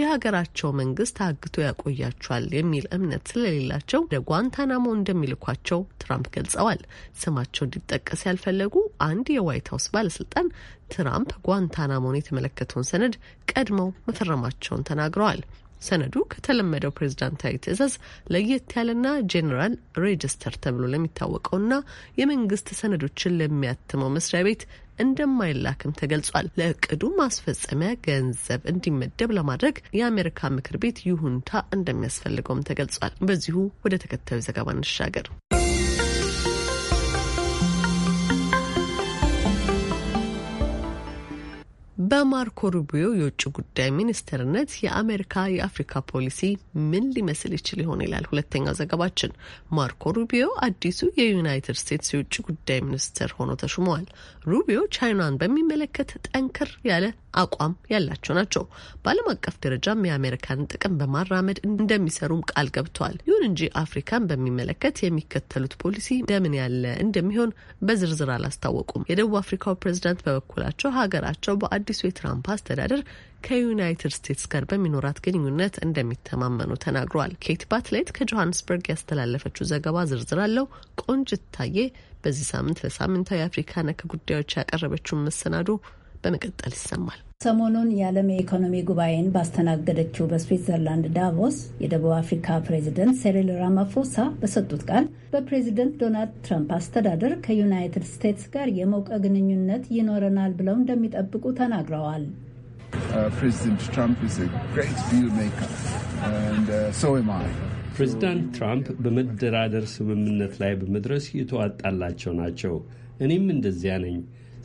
Speaker 1: የሀገራቸው መንግስት አግቶ ያቆያቸዋል የሚል እምነት ስለሌላቸው ወደ ጓንታናሞ እንደሚልኳቸው ትራምፕ ገልጸዋል። ስማቸው እንዲጠቀስ ያልፈለጉ አንድ የዋይት ሀውስ ባለስልጣን ትራምፕ ጓንታናሞን የተመለከተውን ሰነድ ቀድመው መፈረማቸውን ተናግረዋል። ሰነዱ ከተለመደው ፕሬዝዳንታዊ ትዕዛዝ ለየት ያለና ጄኔራል ሬጅስተር ተብሎ ለሚታወቀውና የመንግስት ሰነዶችን ለሚያትመው መስሪያ ቤት እንደማይላክም ተገልጿል። ለእቅዱ ማስፈጸሚያ ገንዘብ እንዲመደብ ለማድረግ የአሜሪካ ምክር ቤት ይሁንታ እንደሚያስፈልገውም ተገልጿል። በዚሁ ወደ ተከታዩ ዘገባ እንሻገር። በማርኮ ሩቢዮ የውጭ ጉዳይ ሚኒስትርነት የአሜሪካ የአፍሪካ ፖሊሲ ምን ሊመስል ይችል ይሆን ይላል ሁለተኛው ዘገባችን። ማርኮ ሩቢዮ አዲሱ የዩናይትድ ስቴትስ የውጭ ጉዳይ ሚኒስትር ሆኖ ተሹመዋል። ሩቢዮ ቻይናን በሚመለከት ጠንከር ያለ አቋም ያላቸው ናቸው። በዓለም አቀፍ ደረጃም የአሜሪካን ጥቅም በማራመድ እንደሚሰሩም ቃል ገብተዋል። ይሁን እንጂ አፍሪካን በሚመለከት የሚከተሉት ፖሊሲ እንደምን ያለ እንደሚሆን በዝርዝር አላስታወቁም። የደቡብ አፍሪካው ፕሬዚዳንት በበኩላቸው ሀገራቸው በአዲስ አዲሱ የትራምፕ አስተዳደር ከዩናይትድ ስቴትስ ጋር በሚኖራት ግንኙነት እንደሚተማመኑ ተናግረዋል። ኬት ባትሌት ከጆሃንስበርግ ያስተላለፈችው ዘገባ ዝርዝር አለው። ቆንጅት ታዬ በዚህ ሳምንት ለሳምንታዊ አፍሪካ ነክ ጉዳዮች ያቀረበችውን መሰናዶ በመቀጠል ይሰማል።
Speaker 4: ሰሞኑን የዓለም የኢኮኖሚ ጉባኤን ባስተናገደችው በስዊትዘርላንድ ዳቮስ የደቡብ አፍሪካ ፕሬዚደንት ሴሪል ራማፎሳ በሰጡት ቃል በፕሬዚደንት ዶናልድ ትራምፕ አስተዳደር ከዩናይትድ ስቴትስ ጋር የሞቀ ግንኙነት ይኖረናል ብለው እንደሚጠብቁ ተናግረዋል።
Speaker 5: uh, uh, ፕሬዚዳንት ትራምፕ በመደራደር ስምምነት ላይ በመድረስ የተዋጣላቸው ናቸው። እኔም እንደዚያ ነኝ።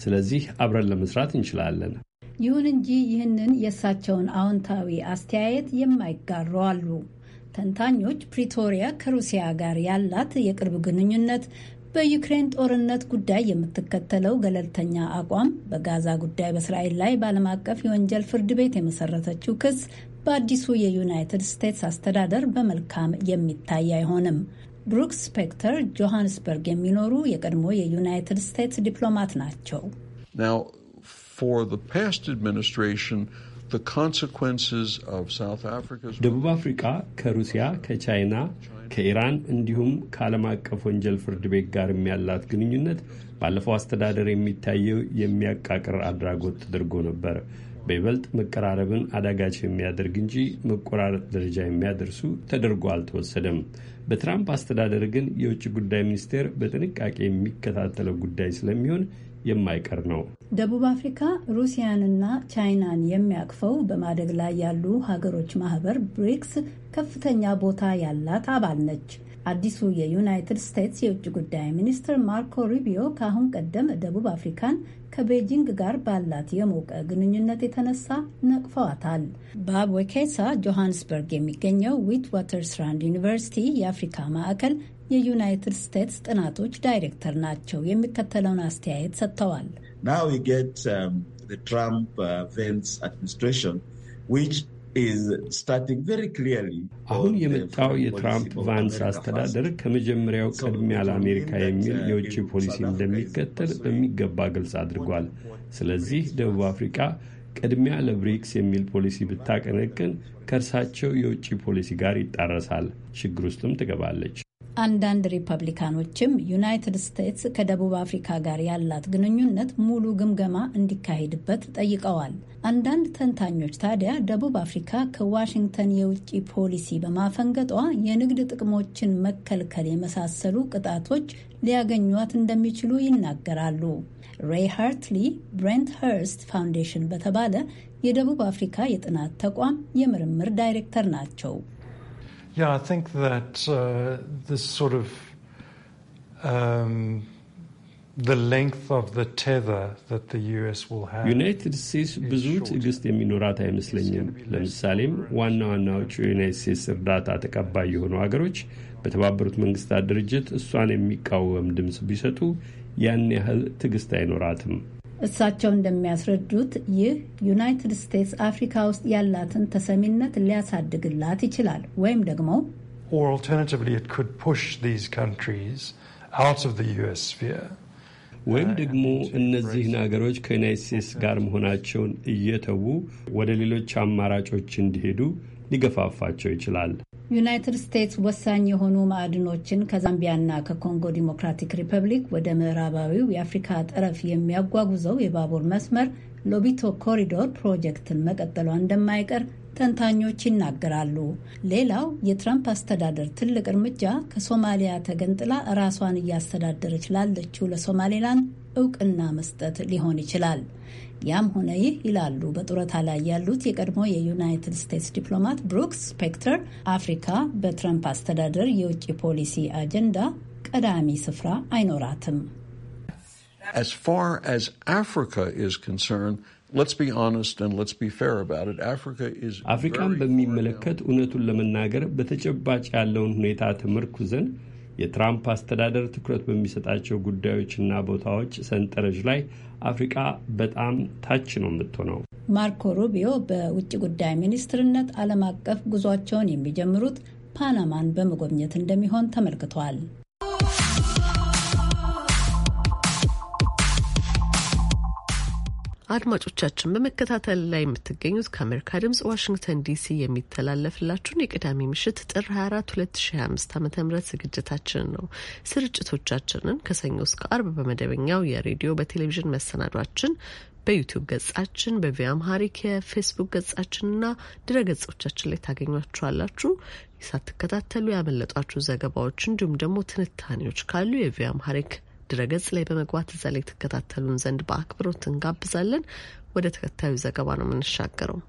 Speaker 5: ስለዚህ አብረን ለመስራት እንችላለን።
Speaker 4: ይሁን እንጂ ይህንን የእሳቸውን አዎንታዊ አስተያየት የማይጋሩ አሉ። ተንታኞች ፕሪቶሪያ ከሩሲያ ጋር ያላት የቅርብ ግንኙነት በዩክሬን ጦርነት ጉዳይ የምትከተለው ገለልተኛ አቋም፣ በጋዛ ጉዳይ በእስራኤል ላይ በዓለም አቀፍ የወንጀል ፍርድ ቤት የመሰረተችው ክስ በአዲሱ የዩናይትድ ስቴትስ አስተዳደር በመልካም የሚታይ አይሆንም። ብሩክ ስፔክተር ጆሃንስበርግ የሚኖሩ የቀድሞ የዩናይትድ ስቴትስ ዲፕሎማት ናቸው።
Speaker 5: ደቡብ አፍሪካ ከሩሲያ፣ ከቻይና፣ ከኢራን እንዲሁም ከዓለም አቀፍ ወንጀል ፍርድ ቤት ጋር ያላት ግንኙነት ባለፈው አስተዳደር የሚታየው የሚያቃቅር አድራጎት ተደርጎ ነበር። በይበልጥ መቀራረብን አዳጋች የሚያደርግ እንጂ መቆራረጥ ደረጃ የሚያደርሱ ተደርጎ አልተወሰደም። በትራምፕ አስተዳደር ግን የውጭ ጉዳይ ሚኒስቴር በጥንቃቄ የሚከታተለው ጉዳይ ስለሚሆን የማይቀር ነው።
Speaker 4: ደቡብ አፍሪካ ሩሲያንና ቻይናን የሚያቅፈው በማደግ ላይ ያሉ ሀገሮች ማህበር ብሪክስ ከፍተኛ ቦታ ያላት አባል ነች። አዲሱ የዩናይትድ ስቴትስ የውጭ ጉዳይ ሚኒስትር ማርኮ ሩቢዮ ከአሁን ቀደም ደቡብ አፍሪካን ከቤጂንግ ጋር ባላት የሞቀ ግንኙነት የተነሳ ነቅፈዋታል። ባብ ወኬሳ ጆሃንስበርግ የሚገኘው ዊት ዋተርስራንድ ዩኒቨርሲቲ የአፍሪካ ማዕከል የዩናይትድ ስቴትስ ጥናቶች ዳይሬክተር ናቸው። የሚከተለውን አስተያየት
Speaker 5: ሰጥተዋል። አሁን የመጣው የትራምፕ ቫንስ አስተዳደር ከመጀመሪያው ቅድሚያ ለአሜሪካ የሚል uh, የውጭ ፖሊሲ እንደሚከተል በሚገባ ግልጽ አድርጓል። ስለዚህ ደቡብ አፍሪካ ቅድሚያ ለብሪክስ የሚል ፖሊሲ ብታቀነቅን ከእርሳቸው የውጭ ፖሊሲ ጋር ይጣረሳል፣ ችግር ውስጥም ትገባለች።
Speaker 4: አንዳንድ ሪፐብሊካኖችም ዩናይትድ ስቴትስ ከደቡብ አፍሪካ ጋር ያላት ግንኙነት ሙሉ ግምገማ እንዲካሄድበት ጠይቀዋል። አንዳንድ ተንታኞች ታዲያ ደቡብ አፍሪካ ከዋሽንግተን የውጭ ፖሊሲ በማፈንገጧ የንግድ ጥቅሞችን መከልከል የመሳሰሉ ቅጣቶች ሊያገኟት እንደሚችሉ ይናገራሉ። ሬይ ሃርትሊ ብሬንት ኸርስት ፋውንዴሽን በተባለ የደቡብ አፍሪካ የጥናት ተቋም የምርምር ዳይሬክተር ናቸው።
Speaker 6: Yeah, I think that uh, this sort of um, the length of the tether that the US will have ዩናይትድ
Speaker 5: ስቴትስ ብዙ ትዕግስት የሚኖራት አይመስለኝም። ለምሳሌም ዋና ዋናዎቹ የዩናይት ስቴትስ እርዳታ ተቀባይ የሆኑ ሀገሮች በተባበሩት መንግስታት ድርጅት እሷን የሚቃወም ድምፅ ቢሰጡ ያን ያህል ትዕግስት አይኖራትም።
Speaker 4: እሳቸው እንደሚያስረዱት ይህ ዩናይትድ ስቴትስ አፍሪካ ውስጥ ያላትን ተሰሚነት ሊያሳድግላት ይችላል ወይም ደግሞ
Speaker 5: ወይም uh, ደግሞ እነዚህን አገሮች ከዩናይት ስቴትስ ጋር መሆናቸውን እየተዉ ወደ ሌሎች አማራጮች እንዲሄዱ ሊገፋፋቸው ይችላል።
Speaker 4: ዩናይትድ ስቴትስ ወሳኝ የሆኑ ማዕድኖችን ከዛምቢያና ከኮንጎ ዲሞክራቲክ ሪፐብሊክ ወደ ምዕራባዊው የአፍሪካ ጠረፍ የሚያጓጉዘው የባቡር መስመር ሎቢቶ ኮሪዶር ፕሮጀክትን መቀጠሏ እንደማይቀር ተንታኞች ይናገራሉ። ሌላው የትራምፕ አስተዳደር ትልቅ እርምጃ ከሶማሊያ ተገንጥላ ራሷን እያስተዳደረች ላለችው ለሶማሌላንድ እውቅና መስጠት ሊሆን ይችላል። ያም ሆነ ይህ ይላሉ በጡረታ ላይ ያሉት የቀድሞ የዩናይትድ ስቴትስ ዲፕሎማት ብሩክስ ስፔክተር፣ አፍሪካ በትረምፕ አስተዳደር የውጭ ፖሊሲ አጀንዳ ቀዳሚ ስፍራ አይኖራትም።
Speaker 5: As far as Africa is concerned, አፍሪካን በሚመለከት እውነቱን ለመናገር በተጨባጭ ያለውን ሁኔታ ተመርኩዘን የትራምፕ አስተዳደር ትኩረት በሚሰጣቸው ጉዳዮችና ቦታዎች ሰንጠረዥ ላይ አፍሪቃ በጣም ታች ነው የምትሆነው።
Speaker 4: ማርኮ ሩቢዮ በውጭ ጉዳይ ሚኒስትርነት ዓለም አቀፍ ጉዟቸውን የሚጀምሩት ፓናማን በመጎብኘት እንደሚሆን
Speaker 1: ተመልክቷል። አድማጮቻችን በመከታተል ላይ የምትገኙት ከአሜሪካ ድምጽ ዋሽንግተን ዲሲ የሚተላለፍላችሁን የቅዳሜ ምሽት ጥር 24 2025 ዓ ም ዝግጅታችን ነው። ስርጭቶቻችንን ከሰኞ እስከ አርብ በመደበኛው የሬዲዮ በቴሌቪዥን መሰናዷችን በዩቲዩብ ገጻችን በቪያም ሀሪክ የፌስቡክ ገጻችንና ድረ ገጾቻችን ላይ ታገኟችኋላችሁ። ሳትከታተሉ ያመለጧችሁ ዘገባዎች እንዲሁም ደግሞ ትንታኔዎች ካሉ የቪያም ሀሪክ ድረገጽ ላይ በመግባት እዛ ላይ ትከታተሉን ዘንድ በአክብሮት እንጋብዛለን። ወደ ተከታዩ ዘገባ ነው የምንሻገረው።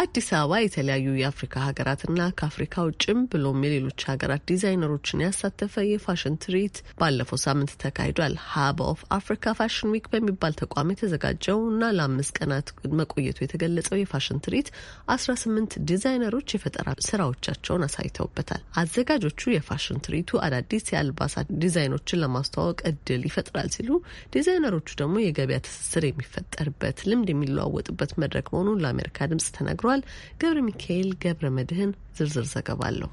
Speaker 1: በአዲስ አበባ የተለያዩ የአፍሪካ ሀገራትና ከአፍሪካ ውጭም ብሎም የሌሎች ሀገራት ዲዛይነሮችን ያሳተፈ የፋሽን ትርኢት ባለፈው ሳምንት ተካሂዷል። ሀብ ኦፍ አፍሪካ ፋሽን ዊክ በሚባል ተቋም የተዘጋጀው እና ለአምስት ቀናት መቆየቱ የተገለጸው የፋሽን ትርኢት አስራ ስምንት ዲዛይነሮች የፈጠራ ስራዎቻቸውን አሳይተውበታል። አዘጋጆቹ የፋሽን ትርኢቱ አዳዲስ የአልባሳት ዲዛይኖችን ለማስተዋወቅ እድል ይፈጥራል ሲሉ ዲዛይነሮቹ ደግሞ የገበያ ትስስር የሚፈጠርበት ልምድ የሚለዋወጥበት መድረክ መሆኑን ለአሜሪካ ድምጽ ተናግሯል። ተናግሯል። ገብረ ሚካኤል ገብረ መድህን ዝርዝር ዘገባ
Speaker 7: አለው።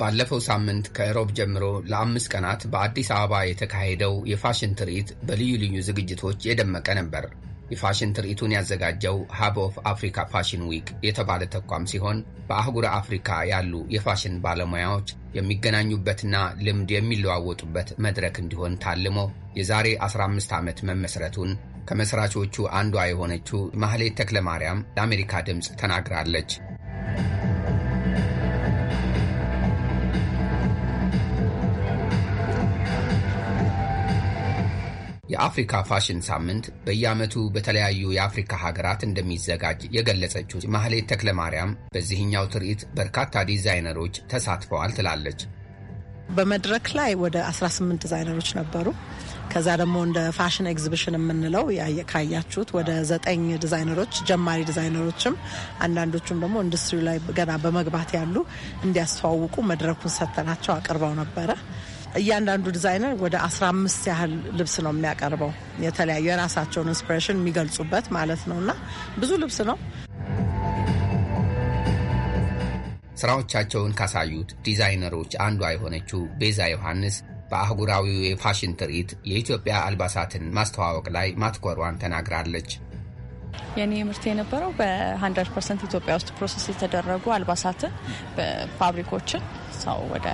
Speaker 7: ባለፈው ሳምንት ከእሮብ ጀምሮ ለአምስት ቀናት በአዲስ አበባ የተካሄደው የፋሽን ትርኢት በልዩ ልዩ ዝግጅቶች የደመቀ ነበር። የፋሽን ትርኢቱን ያዘጋጀው ሀብ ኦፍ አፍሪካ ፋሽን ዊክ የተባለ ተቋም ሲሆን በአህጉረ አፍሪካ ያሉ የፋሽን ባለሙያዎች የሚገናኙበትና ልምድ የሚለዋወጡበት መድረክ እንዲሆን ታልሞ የዛሬ 15 ዓመት መመስረቱን ከመስራቾቹ አንዷ የሆነችው ማህሌት ተክለ ማርያም ለአሜሪካ ድምፅ ተናግራለች። የአፍሪካ ፋሽን ሳምንት በየዓመቱ በተለያዩ የአፍሪካ ሀገራት እንደሚዘጋጅ የገለጸችው ማህሌት ተክለ ማርያም በዚህኛው ትርኢት በርካታ ዲዛይነሮች ተሳትፈዋል ትላለች።
Speaker 8: በመድረክ ላይ ወደ 18 ዲዛይነሮች ነበሩ። ከዛ ደግሞ እንደ ፋሽን ኤግዚቢሽን የምንለው ካያችሁት ወደ ዘጠኝ ዲዛይነሮች ጀማሪ ዲዛይነሮችም አንዳንዶቹም ደግሞ ኢንዱስትሪ ላይ ገና በመግባት ያሉ እንዲያስተዋውቁ መድረኩን ሰጥተናቸው አቅርበው ነበረ። እያንዳንዱ ዲዛይነር ወደ 15 ያህል ልብስ ነው የሚያቀርበው የተለያዩ የራሳቸውን ኢንስፒሬሽን የሚገልጹበት ማለት ነው እና ብዙ ልብስ ነው።
Speaker 7: ስራዎቻቸውን ካሳዩት ዲዛይነሮች አንዷ የሆነችው ቤዛ ዮሐንስ በአህጉራዊው የፋሽን ትርኢት የኢትዮጵያ አልባሳትን ማስተዋወቅ ላይ ማትኮሯን ተናግራለች።
Speaker 9: የኔ ምርት የነበረው በ100 ፐርሰንት ኢትዮጵያ ውስጥ ፕሮሰስ የተደረጉ አልባሳትን በፋብሪኮችን ሰው ወደ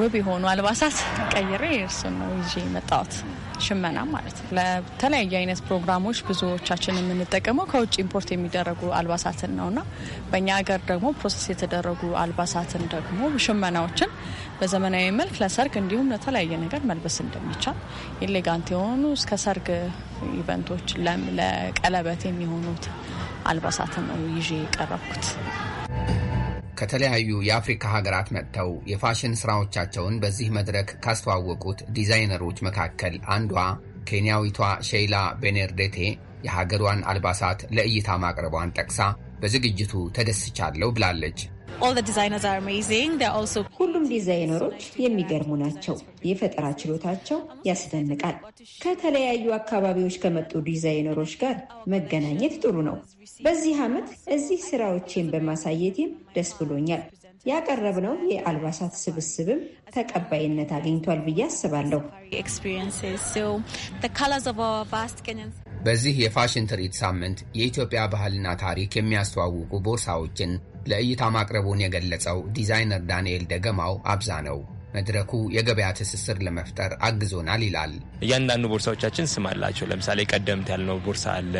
Speaker 9: ውብ የሆኑ አልባሳት ቀይሬ እርሱን ነው ይዤ መጣሁት። ሽመና ማለት ነው። ለተለያዩ አይነት ፕሮግራሞች ብዙዎቻችን የምንጠቀመው ከውጭ ኢምፖርት የሚደረጉ አልባሳትን ነውና በእኛ ሀገር ደግሞ ፕሮሰስ የተደረጉ አልባሳትን ደግሞ ሽመናዎችን በዘመናዊ መልክ ለሰርግ እንዲሁም ለተለያየ ነገር መልበስ እንደሚቻል ኢሌጋንት የሆኑ እስከ ሰርግ ኢቨንቶች፣ ለቀለበት የሚሆኑት አልባሳትን ነው ይዤ የቀረብኩት።
Speaker 7: ከተለያዩ የአፍሪካ ሀገራት መጥተው የፋሽን ሥራዎቻቸውን በዚህ መድረክ ካስተዋወቁት ዲዛይነሮች መካከል አንዷ ኬንያዊቷ ሼይላ ቤኔርዴቴ የሀገሯን አልባሳት ለእይታ ማቅረቧን ጠቅሳ በዝግጅቱ ተደስቻለሁ ብላለች።
Speaker 4: ሁሉም ዲዛይነሮች የሚገርሙ ናቸው። የፈጠራ ችሎታቸው ያስደንቃል። ከተለያዩ አካባቢዎች ከመጡ ዲዛይነሮች ጋር መገናኘት ጥሩ ነው። በዚህ ዓመት እዚህ ስራዎቼን በማሳየቴም ደስ ብሎኛል። ያቀረብነው የአልባሳት ስብስብም ተቀባይነት አግኝቷል ብዬ አስባለሁ።
Speaker 7: በዚህ የፋሽን ትርኢት ሳምንት የኢትዮጵያ ባህልና ታሪክ የሚያስተዋውቁ ቦርሳዎችን ለእይታ ማቅረቡን የገለጸው ዲዛይነር ዳንኤል ደገማው አብዛ ነው መድረኩ የገበያ ትስስር ለመፍጠር አግዞናል ይላል። እያንዳንዱ ቦርሳዎቻችን ስም አላቸው።
Speaker 5: ለምሳሌ ቀደምት ያልነው ቦርሳ አለ፣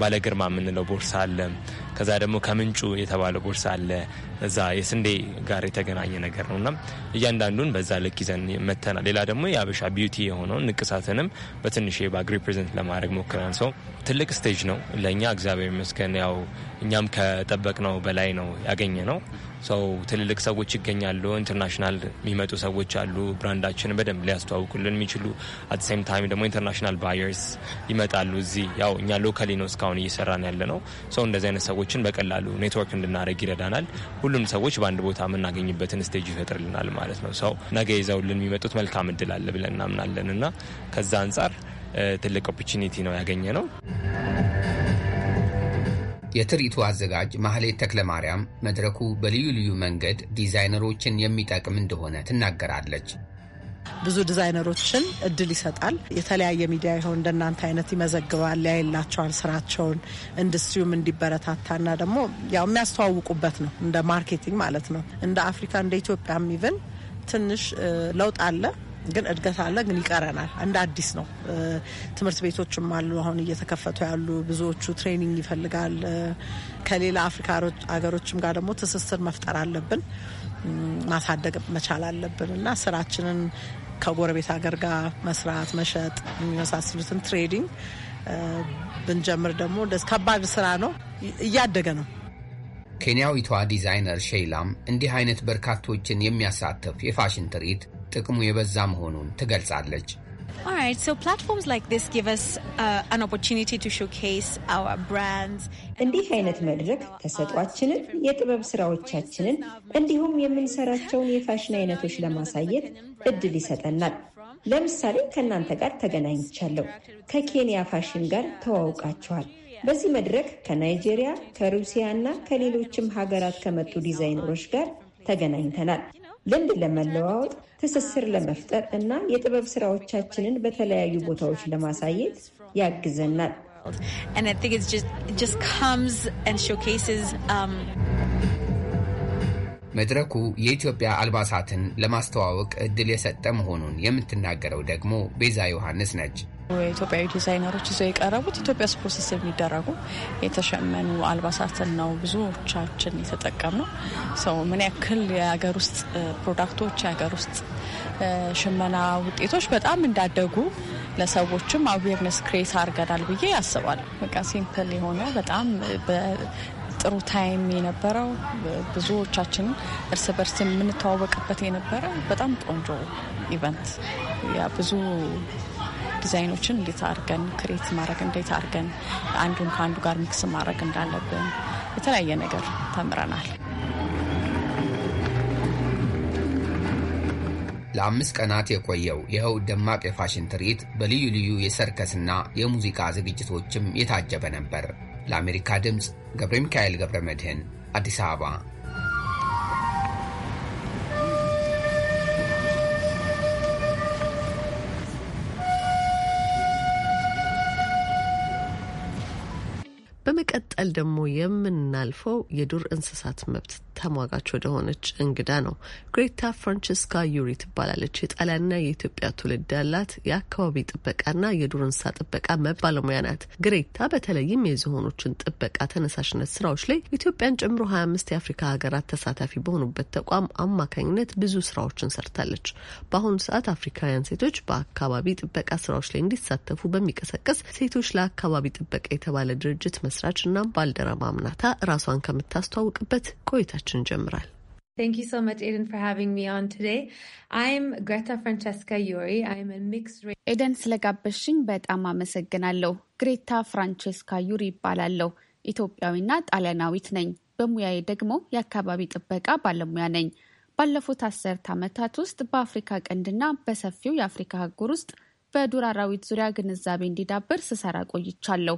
Speaker 5: ባለግርማ የምንለው ቦርሳ አለ፣ ከዛ ደግሞ ከምንጩ የተባለ ቦርሳ አለ። እዛ የስንዴ ጋር የተገናኘ ነገር ነው እና እያንዳንዱን በዛ ልክ ይዘን መተናል። ሌላ ደግሞ የአበሻ ቢዩቲ የሆነው ንቅሳትንም በትንሽ ባግ ሪፕሬዘንት ለማድረግ ሞክረን ሰው ትልቅ ስቴጅ ነው ለእኛ እግዚአብሔር ይመስገን። ያው እኛም ከጠበቅነው በላይ ነው ያገኘ ነው። ሰው ትልልቅ ሰዎች ይገኛሉ። ኢንተርናሽናል የሚመጡ ሰዎች ሰዎች አሉ ብራንዳችን በደንብ ሊያስተዋውቁልን የሚችሉ አት ሴም ታይም ደግሞ ኢንተርናሽናል ባየርስ ይመጣሉ። እዚህ ያው እኛ ሎካሊ ነው እስካሁን እየሰራን ያለ ነው። ሰው እንደዚህ አይነት ሰዎችን በቀላሉ ኔትወርክ እንድናደረግ ይረዳናል። ሁሉም ሰዎች በአንድ ቦታ የምናገኝበትን ስቴጅ ይፈጥርልናል ማለት ነው። ሰው ነገ ይዘውልን የሚመጡት መልካም እድል አለ ብለን እናምናለን እና ከዛ አንጻር ትልቅ ኦፖርቹኒቲ
Speaker 7: ነው ያገኘ ነው። የትርኢቱ አዘጋጅ ማህሌት ተክለማርያም መድረኩ በልዩ ልዩ መንገድ ዲዛይነሮችን የሚጠቅም እንደሆነ ትናገራለች።
Speaker 8: ብዙ ዲዛይነሮችን እድል ይሰጣል። የተለያየ ሚዲያ ይኸው እንደናንተ አይነት ይመዘግባል፣ ያይላቸዋል ስራቸውን ኢንዱስትሪውም እንዲበረታታና ደግሞ ያው የሚያስተዋውቁበት ነው እንደ ማርኬቲንግ ማለት ነው። እንደ አፍሪካ እንደ ኢትዮጵያ ሚብን ትንሽ ለውጥ አለ። ግን እድገት አለ፣ ግን ይቀረናል። እንደ አዲስ ነው። ትምህርት ቤቶችም አሉ አሁን እየተከፈቱ ያሉ ብዙዎቹ ትሬኒንግ ይፈልጋል። ከሌላ አፍሪካ ሀገሮችም ጋር ደግሞ ትስስር መፍጠር አለብን፣ ማሳደግ መቻል አለብን እና ስራችንን ከጎረቤት ሀገር ጋር መስራት፣ መሸጥ የሚመሳስሉትን ትሬዲንግ ብንጀምር ደግሞ ከባድ ስራ ነው። እያደገ ነው።
Speaker 7: ኬንያዊቷ ዲዛይነር ሼይላም እንዲህ አይነት በርካቶችን የሚያሳትፍ የፋሽን ትርኢት ጥቅሙ የበዛ መሆኑን ትገልጻለች።
Speaker 8: uh, እንዲህ አይነት መድረክ ተሰጧችንን፣
Speaker 4: የጥበብ ስራዎቻችንን እንዲሁም የምንሰራቸውን የፋሽን አይነቶች ለማሳየት እድል ይሰጠናል። ለምሳሌ ከእናንተ ጋር ተገናኝቻለሁ። ከኬንያ ፋሽን ጋር ተዋውቃችኋል። በዚህ መድረክ ከናይጄሪያ፣ ከሩሲያ እና ከሌሎችም ሀገራት ከመጡ ዲዛይነሮች ጋር ተገናኝተናል። ልምድ ለመለዋወጥ ትስስር ለመፍጠር እና የጥበብ ስራዎቻችንን በተለያዩ ቦታዎች ለማሳየት ያግዘናል።
Speaker 8: um,
Speaker 7: መድረኩ የኢትዮጵያ አልባሳትን ለማስተዋወቅ እድል የሰጠ መሆኑን የምትናገረው ደግሞ ቤዛ ዮሐንስ ነች።
Speaker 9: የኢትዮጵያዊ ዲዛይነሮች ይዘው የቀረቡት ኢትዮጵያ ውስጥ የሚደረጉ የተሸመኑ አልባሳትን ነው ብዙዎቻችን የተጠቀም ነው። ሰው ምን ያክል የሀገር ውስጥ ፕሮዳክቶች የሀገር ውስጥ ሽመና ውጤቶች በጣም እንዳደጉ ለሰዎችም አዌርነስ ክሬት አድርገናል ብዬ ያስባል በቃ ሲምፕል የሆነ በጣም ጥሩ ታይም የነበረው ብዙዎቻችን እርስ በርስ የምንተዋወቅበት የነበረ በጣም ቆንጆ ኢቨንት ብዙ ዲዛይኖችን እንዴት አድርገን ክሬት ማድረግ እንዴት አድርገን አንዱን ከአንዱ ጋር ሚክስ ማድረግ እንዳለብን የተለያየ ነገር ተምረናል።
Speaker 7: ለአምስት ቀናት የቆየው ይኸው ደማቅ የፋሽን ትርኢት በልዩ ልዩ የሰርከስና የሙዚቃ ዝግጅቶችም የታጀበ ነበር። ለአሜሪካ ድምፅ ገብረ ሚካኤል ገብረ መድህን አዲስ አበባ
Speaker 1: በመቀጠል ደግሞ የምናልፈው የዱር እንስሳት መብት ተሟጋች ወደሆነች እንግዳ ነው። ግሬታ ፍራንቸስካ ዩሪ ትባላለች። የጣሊያንና የኢትዮጵያ ትውልድ ያላት የአካባቢ ጥበቃና የዱር እንስሳ ጥበቃ መብት ባለሙያ ናት። ግሬታ በተለይም የዝሆኖችን ጥበቃ ተነሳሽነት ስራዎች ላይ ኢትዮጵያን ጨምሮ አምስት የአፍሪካ ሀገራት ተሳታፊ በሆኑበት ተቋም አማካኝነት ብዙ ስራዎችን ሰርታለች። በአሁኑ ሰዓት አፍሪካውያን ሴቶች በአካባቢ ጥበቃ ስራዎች ላይ እንዲሳተፉ በሚቀሰቀስ ሴቶች ለአካባቢ ጥበቃ የተባለ ድርጅት መስ መስራችና ባልደረባ አምናታ ራሷን ከምታስተዋውቅበት ቆይታችን ጀምራል።
Speaker 10: Thank you so much, Aiden, for having me on today. I'm
Speaker 11: Greta Francesca Yuri. I'm a mixed race. ኤደን ስለጋበሽኝ በጣም አመሰግናለሁ። ግሬታ ፍራንቸስካ ዩሪ ይባላለሁ። ኢትዮጵያዊና ጣሊያናዊት ነኝ። በሙያዬ ደግሞ የአካባቢ ጥበቃ ባለሙያ ነኝ። ባለፉት አስርት ዓመታት ውስጥ በአፍሪካ ቀንድና በሰፊው የአፍሪካ ህጉር ውስጥ በዱር አራዊት ዙሪያ ግንዛቤ እንዲዳብር ስሰራ ቆይቻለሁ።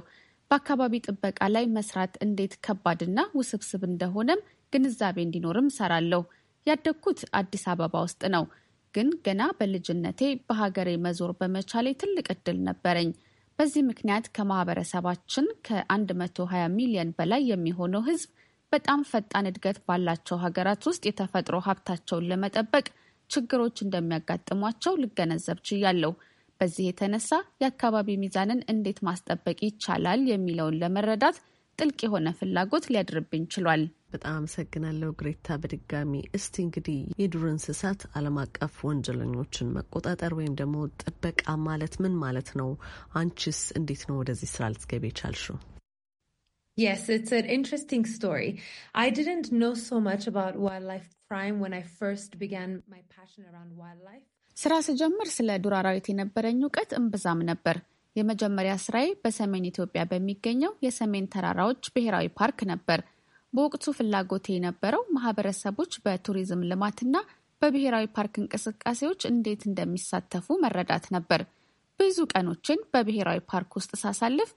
Speaker 11: በአካባቢ ጥበቃ ላይ መስራት እንዴት ከባድና ውስብስብ እንደሆነም ግንዛቤ እንዲኖርም ሰራለሁ። ያደግኩት አዲስ አበባ ውስጥ ነው፣ ግን ገና በልጅነቴ በሀገሬ መዞር በመቻሌ ትልቅ እድል ነበረኝ። በዚህ ምክንያት ከማህበረሰባችን ከ120 ሚሊዮን በላይ የሚሆነው ህዝብ በጣም ፈጣን እድገት ባላቸው ሀገራት ውስጥ የተፈጥሮ ሀብታቸውን ለመጠበቅ ችግሮች እንደሚያጋጥሟቸው ልገነዘብ ችያለሁ። በዚህ የተነሳ የአካባቢ ሚዛንን እንዴት ማስጠበቅ ይቻላል የሚለውን ለመረዳት ጥልቅ የሆነ ፍላጎት ሊያድርብኝ ችሏል። በጣም አመሰግናለሁ ግሬታ። በድጋሚ እስቲ እንግዲህ የዱር እንስሳት ዓለም አቀፍ
Speaker 1: ወንጀለኞችን መቆጣጠር ወይም ደግሞ ጥበቃ ማለት ምን ማለት ነው? አንቺስ እንዴት ነው ወደዚህ ስራ ልትገቢ የቻልሽው?
Speaker 10: Yes, it's an interesting story. I didn't know so much about wildlife crime when I first began my passion around wildlife.
Speaker 11: ስራ ስጀምር ስለ ዱር አራዊት የነበረኝ እውቀት እምብዛም ነበር። የመጀመሪያ ስራዬ በሰሜን ኢትዮጵያ በሚገኘው የሰሜን ተራራዎች ብሔራዊ ፓርክ ነበር። በወቅቱ ፍላጎቴ የነበረው ማህበረሰቦች በቱሪዝም ልማትና በብሔራዊ ፓርክ እንቅስቃሴዎች እንዴት እንደሚሳተፉ መረዳት ነበር። ብዙ ቀኖችን በብሔራዊ ፓርክ ውስጥ ሳሳልፍ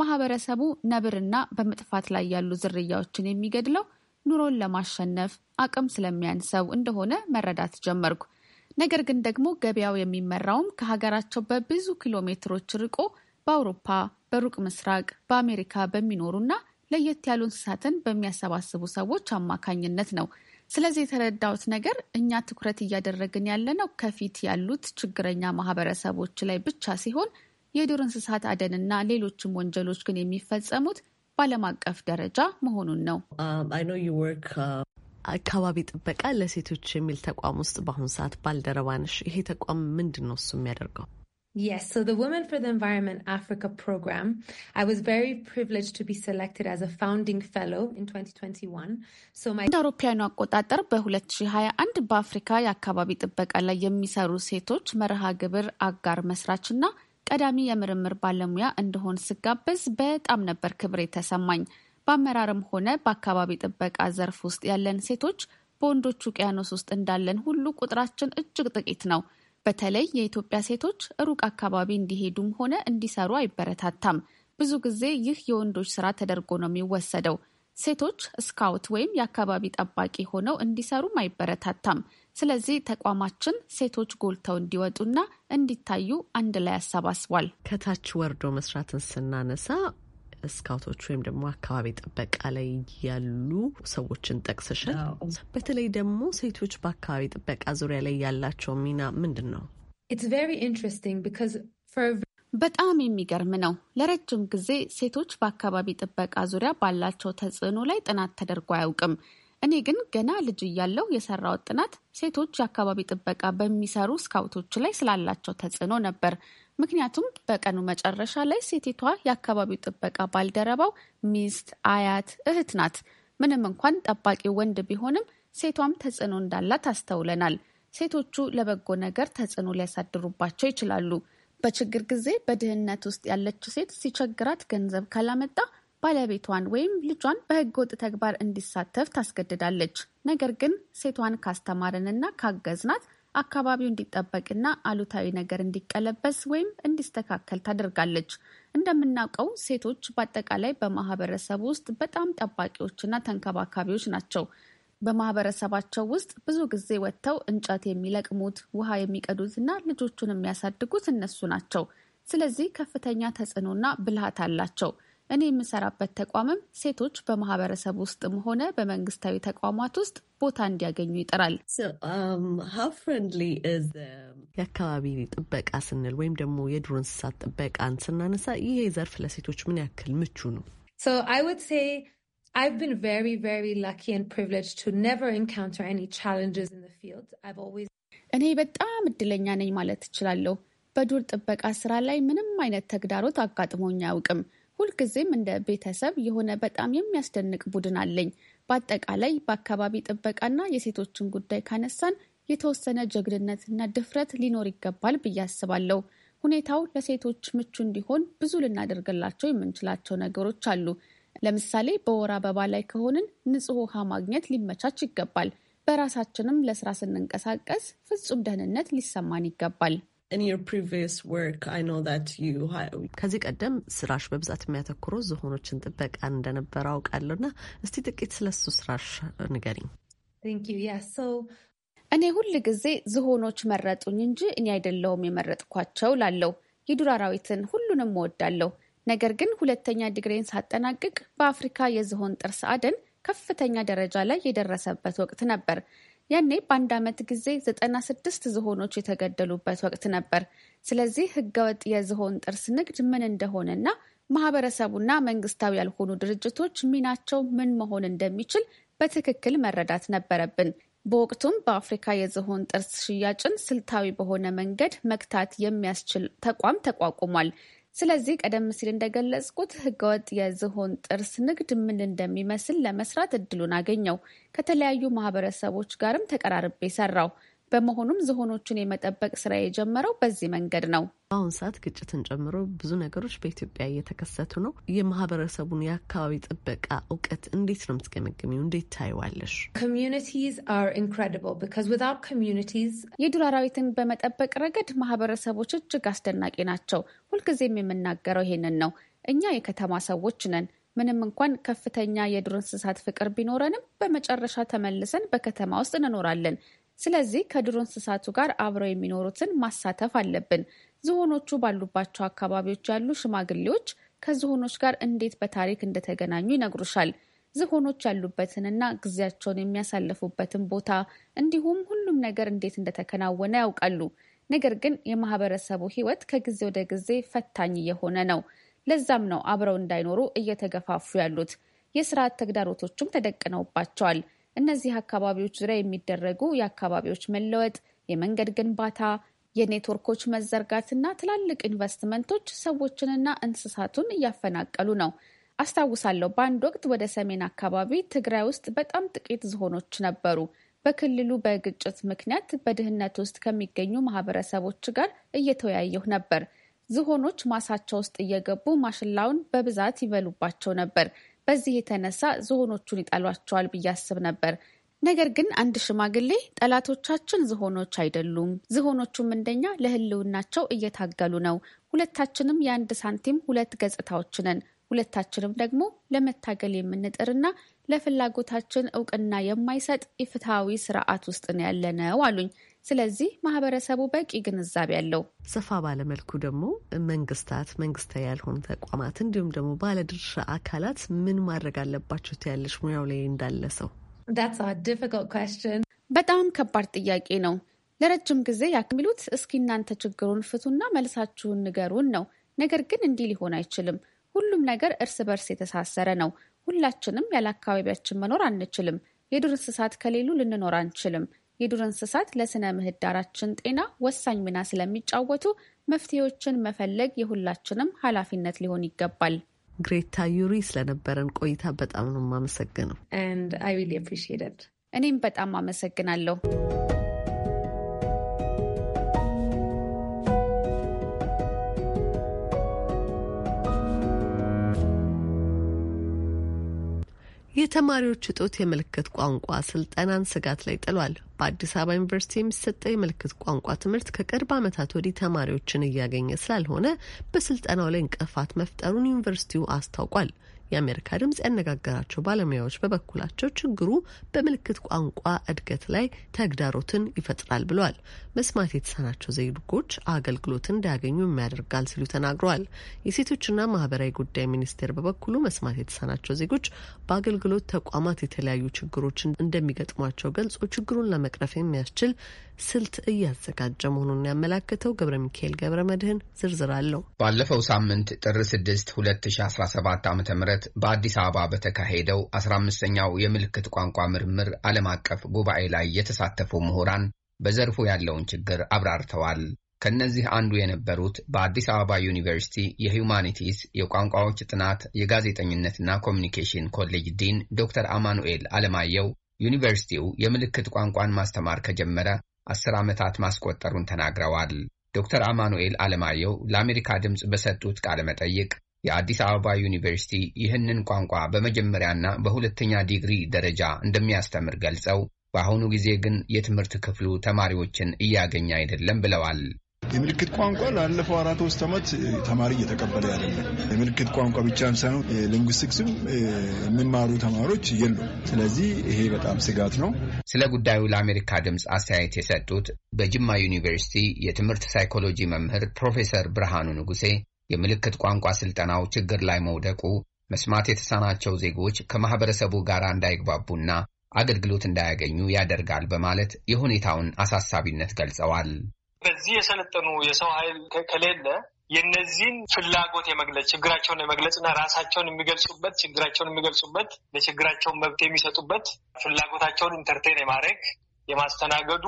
Speaker 11: ማህበረሰቡ ነብርና በመጥፋት ላይ ያሉ ዝርያዎችን የሚገድለው ኑሮን ለማሸነፍ አቅም ስለሚያንሰው እንደሆነ መረዳት ጀመርኩ። ነገር ግን ደግሞ ገበያው የሚመራውም ከሀገራቸው በብዙ ኪሎ ሜትሮች ርቆ በአውሮፓ፣ በሩቅ ምስራቅ፣ በአሜሪካ በሚኖሩና ለየት ያሉ እንስሳትን በሚያሰባስቡ ሰዎች አማካኝነት ነው። ስለዚህ የተረዳሁት ነገር እኛ ትኩረት እያደረግን ያለነው ከፊት ያሉት ችግረኛ ማህበረሰቦች ላይ ብቻ ሲሆን የዱር እንስሳት አደንና ሌሎችም ወንጀሎች ግን የሚፈጸሙት በዓለም አቀፍ ደረጃ መሆኑን ነው።
Speaker 1: um, አካባቢ ጥበቃ ለሴቶች የሚል ተቋም ውስጥ በአሁኑ ሰዓት ባልደረባ ነሽ። ይሄ ተቋም ምንድን ነው እሱ የሚያደርገው?
Speaker 10: Yes, so the Women for the Environment Africa program, I was very privileged to be selected as a founding fellow in 2021.
Speaker 11: So my እንደ አውሮፓውያኑ አቆጣጠር በ2021 በአፍሪካ የአካባቢ ጥበቃ ላይ የሚሰሩ ሴቶች መርሃ ግብር አጋር መስራች እና ቀዳሚ የምርምር ባለሙያ እንደሆን ስጋበዝ በጣም ነበር ክብር የተሰማኝ። በአመራርም ሆነ በአካባቢ ጥበቃ ዘርፍ ውስጥ ያለን ሴቶች በወንዶች ውቅያኖስ ውስጥ እንዳለን ሁሉ ቁጥራችን እጅግ ጥቂት ነው። በተለይ የኢትዮጵያ ሴቶች ሩቅ አካባቢ እንዲሄዱም ሆነ እንዲሰሩ አይበረታታም። ብዙ ጊዜ ይህ የወንዶች ስራ ተደርጎ ነው የሚወሰደው። ሴቶች ስካውት ወይም የአካባቢ ጠባቂ ሆነው እንዲሰሩም አይበረታታም። ስለዚህ ተቋማችን ሴቶች ጎልተው እንዲወጡና እንዲታዩ አንድ ላይ አሰባስቧል።
Speaker 1: ከታች ወርዶ መስራትን ስናነሳ ስካውቶች ወይም ደግሞ አካባቢ ጥበቃ ላይ ያሉ ሰዎችን ጠቅሰሻል። በተለይ ደግሞ ሴቶች በአካባቢ ጥበቃ ዙሪያ ላይ ያላቸው ሚና ምንድን ነው?
Speaker 11: በጣም የሚገርም ነው። ለረጅም ጊዜ ሴቶች በአካባቢ ጥበቃ ዙሪያ ባላቸው ተጽዕኖ ላይ ጥናት ተደርጎ አያውቅም። እኔ ግን ገና ልጅ እያለሁ የሰራሁት ጥናት ሴቶች የአካባቢ ጥበቃ በሚሰሩ ስካውቶች ላይ ስላላቸው ተጽዕኖ ነበር። ምክንያቱም በቀኑ መጨረሻ ላይ ሴቲቷ የአካባቢው ጥበቃ ባልደረባው ሚስት፣ አያት፣ እህት ናት። ምንም እንኳን ጠባቂ ወንድ ቢሆንም ሴቷም ተጽዕኖ እንዳላት አስተውለናል። ሴቶቹ ለበጎ ነገር ተጽዕኖ ሊያሳድሩባቸው ይችላሉ። በችግር ጊዜ በድህነት ውስጥ ያለችው ሴት ሲቸግራት ገንዘብ ካላመጣ ባለቤቷን ወይም ልጇን በህገወጥ ተግባር እንዲሳተፍ ታስገድዳለች። ነገር ግን ሴቷን ካስተማርንና ካገዝናት አካባቢው እንዲጠበቅና አሉታዊ ነገር እንዲቀለበስ ወይም እንዲስተካከል ታደርጋለች። እንደምናውቀው ሴቶች በአጠቃላይ በማህበረሰብ ውስጥ በጣም ጠባቂዎችና ተንከባካቢዎች ናቸው። በማህበረሰባቸው ውስጥ ብዙ ጊዜ ወጥተው እንጨት የሚለቅሙት፣ ውሃ የሚቀዱትና ልጆቹን የሚያሳድጉት እነሱ ናቸው። ስለዚህ ከፍተኛ ተጽዕኖና ብልሃት አላቸው። እኔ የምሰራበት ተቋምም ሴቶች በማህበረሰብ ውስጥም ሆነ በመንግስታዊ ተቋማት ውስጥ ቦታ እንዲያገኙ ይጥራል።
Speaker 1: um, የአካባቢ ጥበቃ ስንል ወይም ደግሞ የዱር እንስሳት ጥበቃን ስናነሳ ይሄ ዘርፍ ለሴቶች ምን ያክል ምቹ ነው?
Speaker 11: እኔ በጣም እድለኛ ነኝ ማለት እችላለሁ። በዱር ጥበቃ ስራ ላይ ምንም አይነት ተግዳሮት አጋጥሞኝ አያውቅም። ሁልጊዜም እንደ ቤተሰብ የሆነ በጣም የሚያስደንቅ ቡድን አለኝ። በአጠቃላይ በአካባቢ ጥበቃና የሴቶችን ጉዳይ ካነሳን የተወሰነ ጀግንነትና ድፍረት ሊኖር ይገባል ብዬ አስባለሁ። ሁኔታው ለሴቶች ምቹ እንዲሆን ብዙ ልናደርግላቸው የምንችላቸው ነገሮች አሉ። ለምሳሌ በወር አበባ ላይ ከሆንን ንጹህ ውሃ ማግኘት ሊመቻች ይገባል። በራሳችንም ለስራ ስንንቀሳቀስ ፍጹም ደህንነት ሊሰማን ይገባል። ከዚህ ቀደም
Speaker 1: ስራሽ በብዛት የሚያተኩረው ዝሆኖችን ጥበቃ እንደነበረ አውቃለሁ እስቲ ጥቂት ስለሱ ስራሽ ንገሪኝ።
Speaker 11: እኔ ሁል ጊዜ ዝሆኖች መረጡኝ እንጂ እኔ አይደለሁም የመረጥኳቸው ላለው የዱር አራዊትን ሁሉንም እወዳለሁ። ነገር ግን ሁለተኛ ዲግሬን ሳጠናቅቅ በአፍሪካ የዝሆን ጥርስ አደን ከፍተኛ ደረጃ ላይ የደረሰበት ወቅት ነበር። ያኔ በአንድ ዓመት ጊዜ 96 ስድስት ዝሆኖች የተገደሉበት ወቅት ነበር። ስለዚህ ህገወጥ የዝሆን ጥርስ ንግድ ምን እንደሆነና ማህበረሰቡና መንግስታዊ ያልሆኑ ድርጅቶች ሚናቸው ምን መሆን እንደሚችል በትክክል መረዳት ነበረብን። በወቅቱም በአፍሪካ የዝሆን ጥርስ ሽያጭን ስልታዊ በሆነ መንገድ መግታት የሚያስችል ተቋም ተቋቁሟል። ስለዚህ ቀደም ሲል እንደገለጽኩት ህገወጥ የዝሆን ጥርስ ንግድ ምን እንደሚመስል ለመስራት እድሉን አገኘው። ከተለያዩ ማህበረሰቦች ጋርም ተቀራርቤ ሰራው። በመሆኑም ዝሆኖችን የመጠበቅ ስራ የጀመረው በዚህ መንገድ ነው። በአሁን ሰዓት ግጭትን ጨምሮ ብዙ ነገሮች በኢትዮጵያ
Speaker 1: እየተከሰቱ ነው። የማህበረሰቡን የአካባቢ ጥበቃ እውቀት እንዴት ነው የምትገመግሚው? እንዴት ታይዋለሽ?
Speaker 11: የዱር አራዊትን በመጠበቅ ረገድ ማህበረሰቦች እጅግ አስደናቂ ናቸው። ሁልጊዜም የምናገረው ይሄንን ነው። እኛ የከተማ ሰዎች ነን። ምንም እንኳን ከፍተኛ የዱር እንስሳት ፍቅር ቢኖረንም በመጨረሻ ተመልሰን በከተማ ውስጥ እንኖራለን። ስለዚህ ከዱር እንስሳቱ ጋር አብረው የሚኖሩትን ማሳተፍ አለብን። ዝሆኖቹ ባሉባቸው አካባቢዎች ያሉ ሽማግሌዎች ከዝሆኖች ጋር እንዴት በታሪክ እንደተገናኙ ይነግሩሻል። ዝሆኖች ያሉበትንና ጊዜያቸውን የሚያሳልፉበትን ቦታ እንዲሁም ሁሉም ነገር እንዴት እንደተከናወነ ያውቃሉ። ነገር ግን የማህበረሰቡ ሕይወት ከጊዜ ወደ ጊዜ ፈታኝ እየሆነ ነው። ለዛም ነው አብረው እንዳይኖሩ እየተገፋፉ ያሉት። የስርዓት ተግዳሮቶችም ተደቅነውባቸዋል። እነዚህ አካባቢዎች ዙሪያ የሚደረጉ የአካባቢዎች መለወጥ፣ የመንገድ ግንባታ፣ የኔትወርኮች መዘርጋትና ትላልቅ ኢንቨስትመንቶች ሰዎችንና እንስሳቱን እያፈናቀሉ ነው። አስታውሳለሁ በአንድ ወቅት ወደ ሰሜን አካባቢ ትግራይ ውስጥ በጣም ጥቂት ዝሆኖች ነበሩ። በክልሉ በግጭት ምክንያት በድህነት ውስጥ ከሚገኙ ማህበረሰቦች ጋር እየተወያየሁ ነበር። ዝሆኖች ማሳቸው ውስጥ እየገቡ ማሽላውን በብዛት ይበሉባቸው ነበር። በዚህ የተነሳ ዝሆኖቹን ይጠሏቸዋል ብዬ አስብ ነበር። ነገር ግን አንድ ሽማግሌ ጠላቶቻችን ዝሆኖች አይደሉም፣ ዝሆኖቹም እንደኛ ለህልውናቸው እየታገሉ ነው። ሁለታችንም የአንድ ሳንቲም ሁለት ገጽታዎች ነን። ሁለታችንም ደግሞ ለመታገል የምንጥርና ለፍላጎታችን እውቅና የማይሰጥ የፍትሐዊ ስርዓት ውስጥ ነው ያለነው አሉኝ። ስለዚህ ማህበረሰቡ በቂ ግንዛቤ አለው።
Speaker 1: ሰፋ ባለመልኩ ደግሞ መንግስታት፣ መንግስታዊ ያልሆኑ ተቋማት እንዲሁም ደግሞ ባለድርሻ አካላት ምን ማድረግ አለባቸው ትያለሽ? ሙያው ላይ እንዳለ ሰው
Speaker 11: በጣም ከባድ ጥያቄ ነው። ለረጅም ጊዜ ያክሚሉት እስኪ እናንተ ችግሩን ፍቱና መልሳችሁን ንገሩን ነው። ነገር ግን እንዲህ ሊሆን አይችልም። ሁሉም ነገር እርስ በርስ የተሳሰረ ነው። ሁላችንም ያለ አካባቢያችን መኖር አንችልም። የዱር እንስሳት ከሌሉ ልንኖር አንችልም። የዱር እንስሳት ለስነ ምህዳራችን ጤና ወሳኝ ሚና ስለሚጫወቱ መፍትሄዎችን መፈለግ የሁላችንም ኃላፊነት ሊሆን ይገባል።
Speaker 1: ግሬታ ዩሪ ስለነበረን ቆይታ በጣም ነው የማመሰግነው።
Speaker 11: እኔም በጣም አመሰግናለሁ።
Speaker 1: የተማሪዎች እጦት የምልክት ቋንቋ ስልጠናን ስጋት ላይ ጥሏል። በአዲስ አበባ ዩኒቨርሲቲ የሚሰጠው የምልክት ቋንቋ ትምህርት ከቅርብ ዓመታት ወዲህ ተማሪዎችን እያገኘ ስላልሆነ በስልጠናው ላይ እንቅፋት መፍጠሩን ዩኒቨርሲቲው አስታውቋል። የአሜሪካ ድምጽ ያነጋገራቸው ባለሙያዎች በበኩላቸው ችግሩ በምልክት ቋንቋ እድገት ላይ ተግዳሮትን ይፈጥራል ብለዋል። መስማት የተሳናቸው ዜጎች አገልግሎትን እንዳያገኙ የሚያደርጋል ሲሉ ተናግረዋል። የሴቶችና ማህበራዊ ጉዳይ ሚኒስቴር በበኩሉ መስማት የተሳናቸው ዜጎች በአገልግሎት ተቋማት የተለያዩ ችግሮች እንደሚገጥሟቸው ገልጾ ችግሩን ለመቅረፍ የሚያስችል ስልት እያዘጋጀ መሆኑን ያመላከተው ገብረ ሚካኤል ገብረ መድህን ዝርዝር አለው።
Speaker 7: ባለፈው ሳምንት ጥር 6 2017 ዓ ም በአዲስ አበባ በተካሄደው 15ኛው የምልክት ቋንቋ ምርምር ዓለም አቀፍ ጉባኤ ላይ የተሳተፉ ምሁራን በዘርፉ ያለውን ችግር አብራርተዋል። ከእነዚህ አንዱ የነበሩት በአዲስ አበባ ዩኒቨርሲቲ የሂውማኒቲስ የቋንቋዎች ጥናት የጋዜጠኝነትና ኮሚኒኬሽን ኮሌጅ ዲን ዶክተር አማኑኤል አለማየሁ ዩኒቨርሲቲው የምልክት ቋንቋን ማስተማር ከጀመረ አስር ዓመታት ማስቆጠሩን ተናግረዋል። ዶክተር አማኑኤል አለማየሁ ለአሜሪካ ድምፅ በሰጡት ቃለ መጠይቅ የአዲስ አበባ ዩኒቨርሲቲ ይህንን ቋንቋ በመጀመሪያና በሁለተኛ ዲግሪ ደረጃ እንደሚያስተምር ገልጸው በአሁኑ ጊዜ ግን የትምህርት ክፍሉ ተማሪዎችን እያገኘ አይደለም ብለዋል።
Speaker 6: የምልክት ቋንቋ ላለፈው አራት ወስት ዓመት ተማሪ እየተቀበለ ያለ የምልክት ቋንቋ ብቻም ሳይሆን ሊንጉስቲክስም የሚማሩ ተማሪዎች የሉ ስለዚህ ይሄ በጣም ስጋት
Speaker 7: ነው። ስለ ጉዳዩ ለአሜሪካ ድምፅ አስተያየት የሰጡት በጅማ ዩኒቨርሲቲ የትምህርት ሳይኮሎጂ መምህር ፕሮፌሰር ብርሃኑ ንጉሴ የምልክት ቋንቋ ስልጠናው ችግር ላይ መውደቁ መስማት የተሳናቸው ዜጎች ከማህበረሰቡ ጋር እንዳይግባቡና አገልግሎት እንዳያገኙ ያደርጋል በማለት የሁኔታውን አሳሳቢነት ገልጸዋል።
Speaker 12: በዚህ የሰለጠኑ የሰው ኃይል ከሌለ የነዚህን ፍላጎት የመግለጽ ችግራቸውን የመግለጽና ራሳቸውን የሚገልጹበት ችግራቸውን የሚገልጹበት ለችግራቸውን መብት የሚሰጡበት ፍላጎታቸውን ኢንተርቴን የማድረግ የማስተናገዱ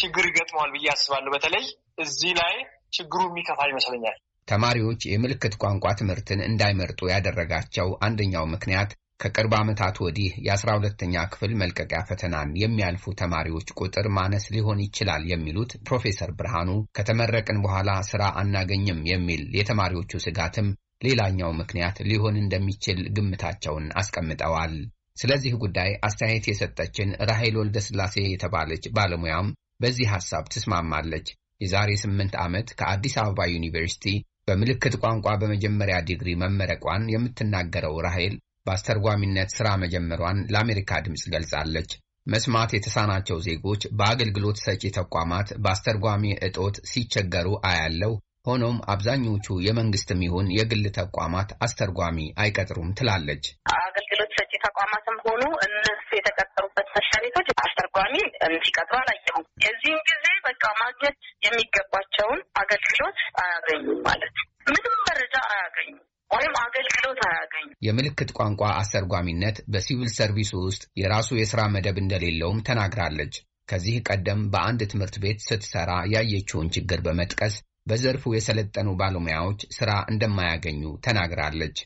Speaker 12: ችግር ይገጥመዋል ብዬ አስባለሁ። በተለይ እዚህ ላይ ችግሩ የሚከፋ ይመስለኛል።
Speaker 7: ተማሪዎች የምልክት ቋንቋ ትምህርትን እንዳይመርጡ ያደረጋቸው አንደኛው ምክንያት ከቅርብ ዓመታት ወዲህ የአስራ ሁለተኛ ክፍል መልቀቂያ ፈተናን የሚያልፉ ተማሪዎች ቁጥር ማነስ ሊሆን ይችላል የሚሉት ፕሮፌሰር ብርሃኑ ከተመረቅን በኋላ ስራ አናገኝም የሚል የተማሪዎቹ ስጋትም ሌላኛው ምክንያት ሊሆን እንደሚችል ግምታቸውን አስቀምጠዋል። ስለዚህ ጉዳይ አስተያየት የሰጠችን ራሄል ወልደስላሴ የተባለች ባለሙያም በዚህ ሐሳብ ትስማማለች። የዛሬ ስምንት ዓመት ከአዲስ አበባ ዩኒቨርሲቲ በምልክት ቋንቋ በመጀመሪያ ዲግሪ መመረቋን የምትናገረው ራሄል በአስተርጓሚነት ሥራ መጀመሯን ለአሜሪካ ድምፅ ገልጻለች። መስማት የተሳናቸው ዜጎች በአገልግሎት ሰጪ ተቋማት በአስተርጓሚ እጦት ሲቸገሩ አያለው። ሆኖም አብዛኞቹ የመንግስትም ይሁን የግል ተቋማት አስተርጓሚ አይቀጥሩም ትላለች።
Speaker 13: አገልግሎት ሰጪ ተቋማትም ሆኑ እነሱ የተቀጠሩበት መስሪያ ቤቶች አስተርጓሚ እንዲቀጥሩ አላየሁም። የዚህም ጊዜ በቃ ማግኘት የሚገባቸውን አገልግሎት አያገኙም ማለት ምንም መረጃ አያገኙም። ወይም
Speaker 7: አገልግሎት አያገኙም። የምልክት ቋንቋ አስተርጓሚነት በሲቪል ሰርቪስ ውስጥ የራሱ የስራ መደብ እንደሌለውም ተናግራለች። ከዚህ ቀደም በአንድ ትምህርት ቤት ስትሰራ ያየችውን ችግር በመጥቀስ በዘርፉ የሰለጠኑ ባለሙያዎች ስራ እንደማያገኙ ተናግራለች።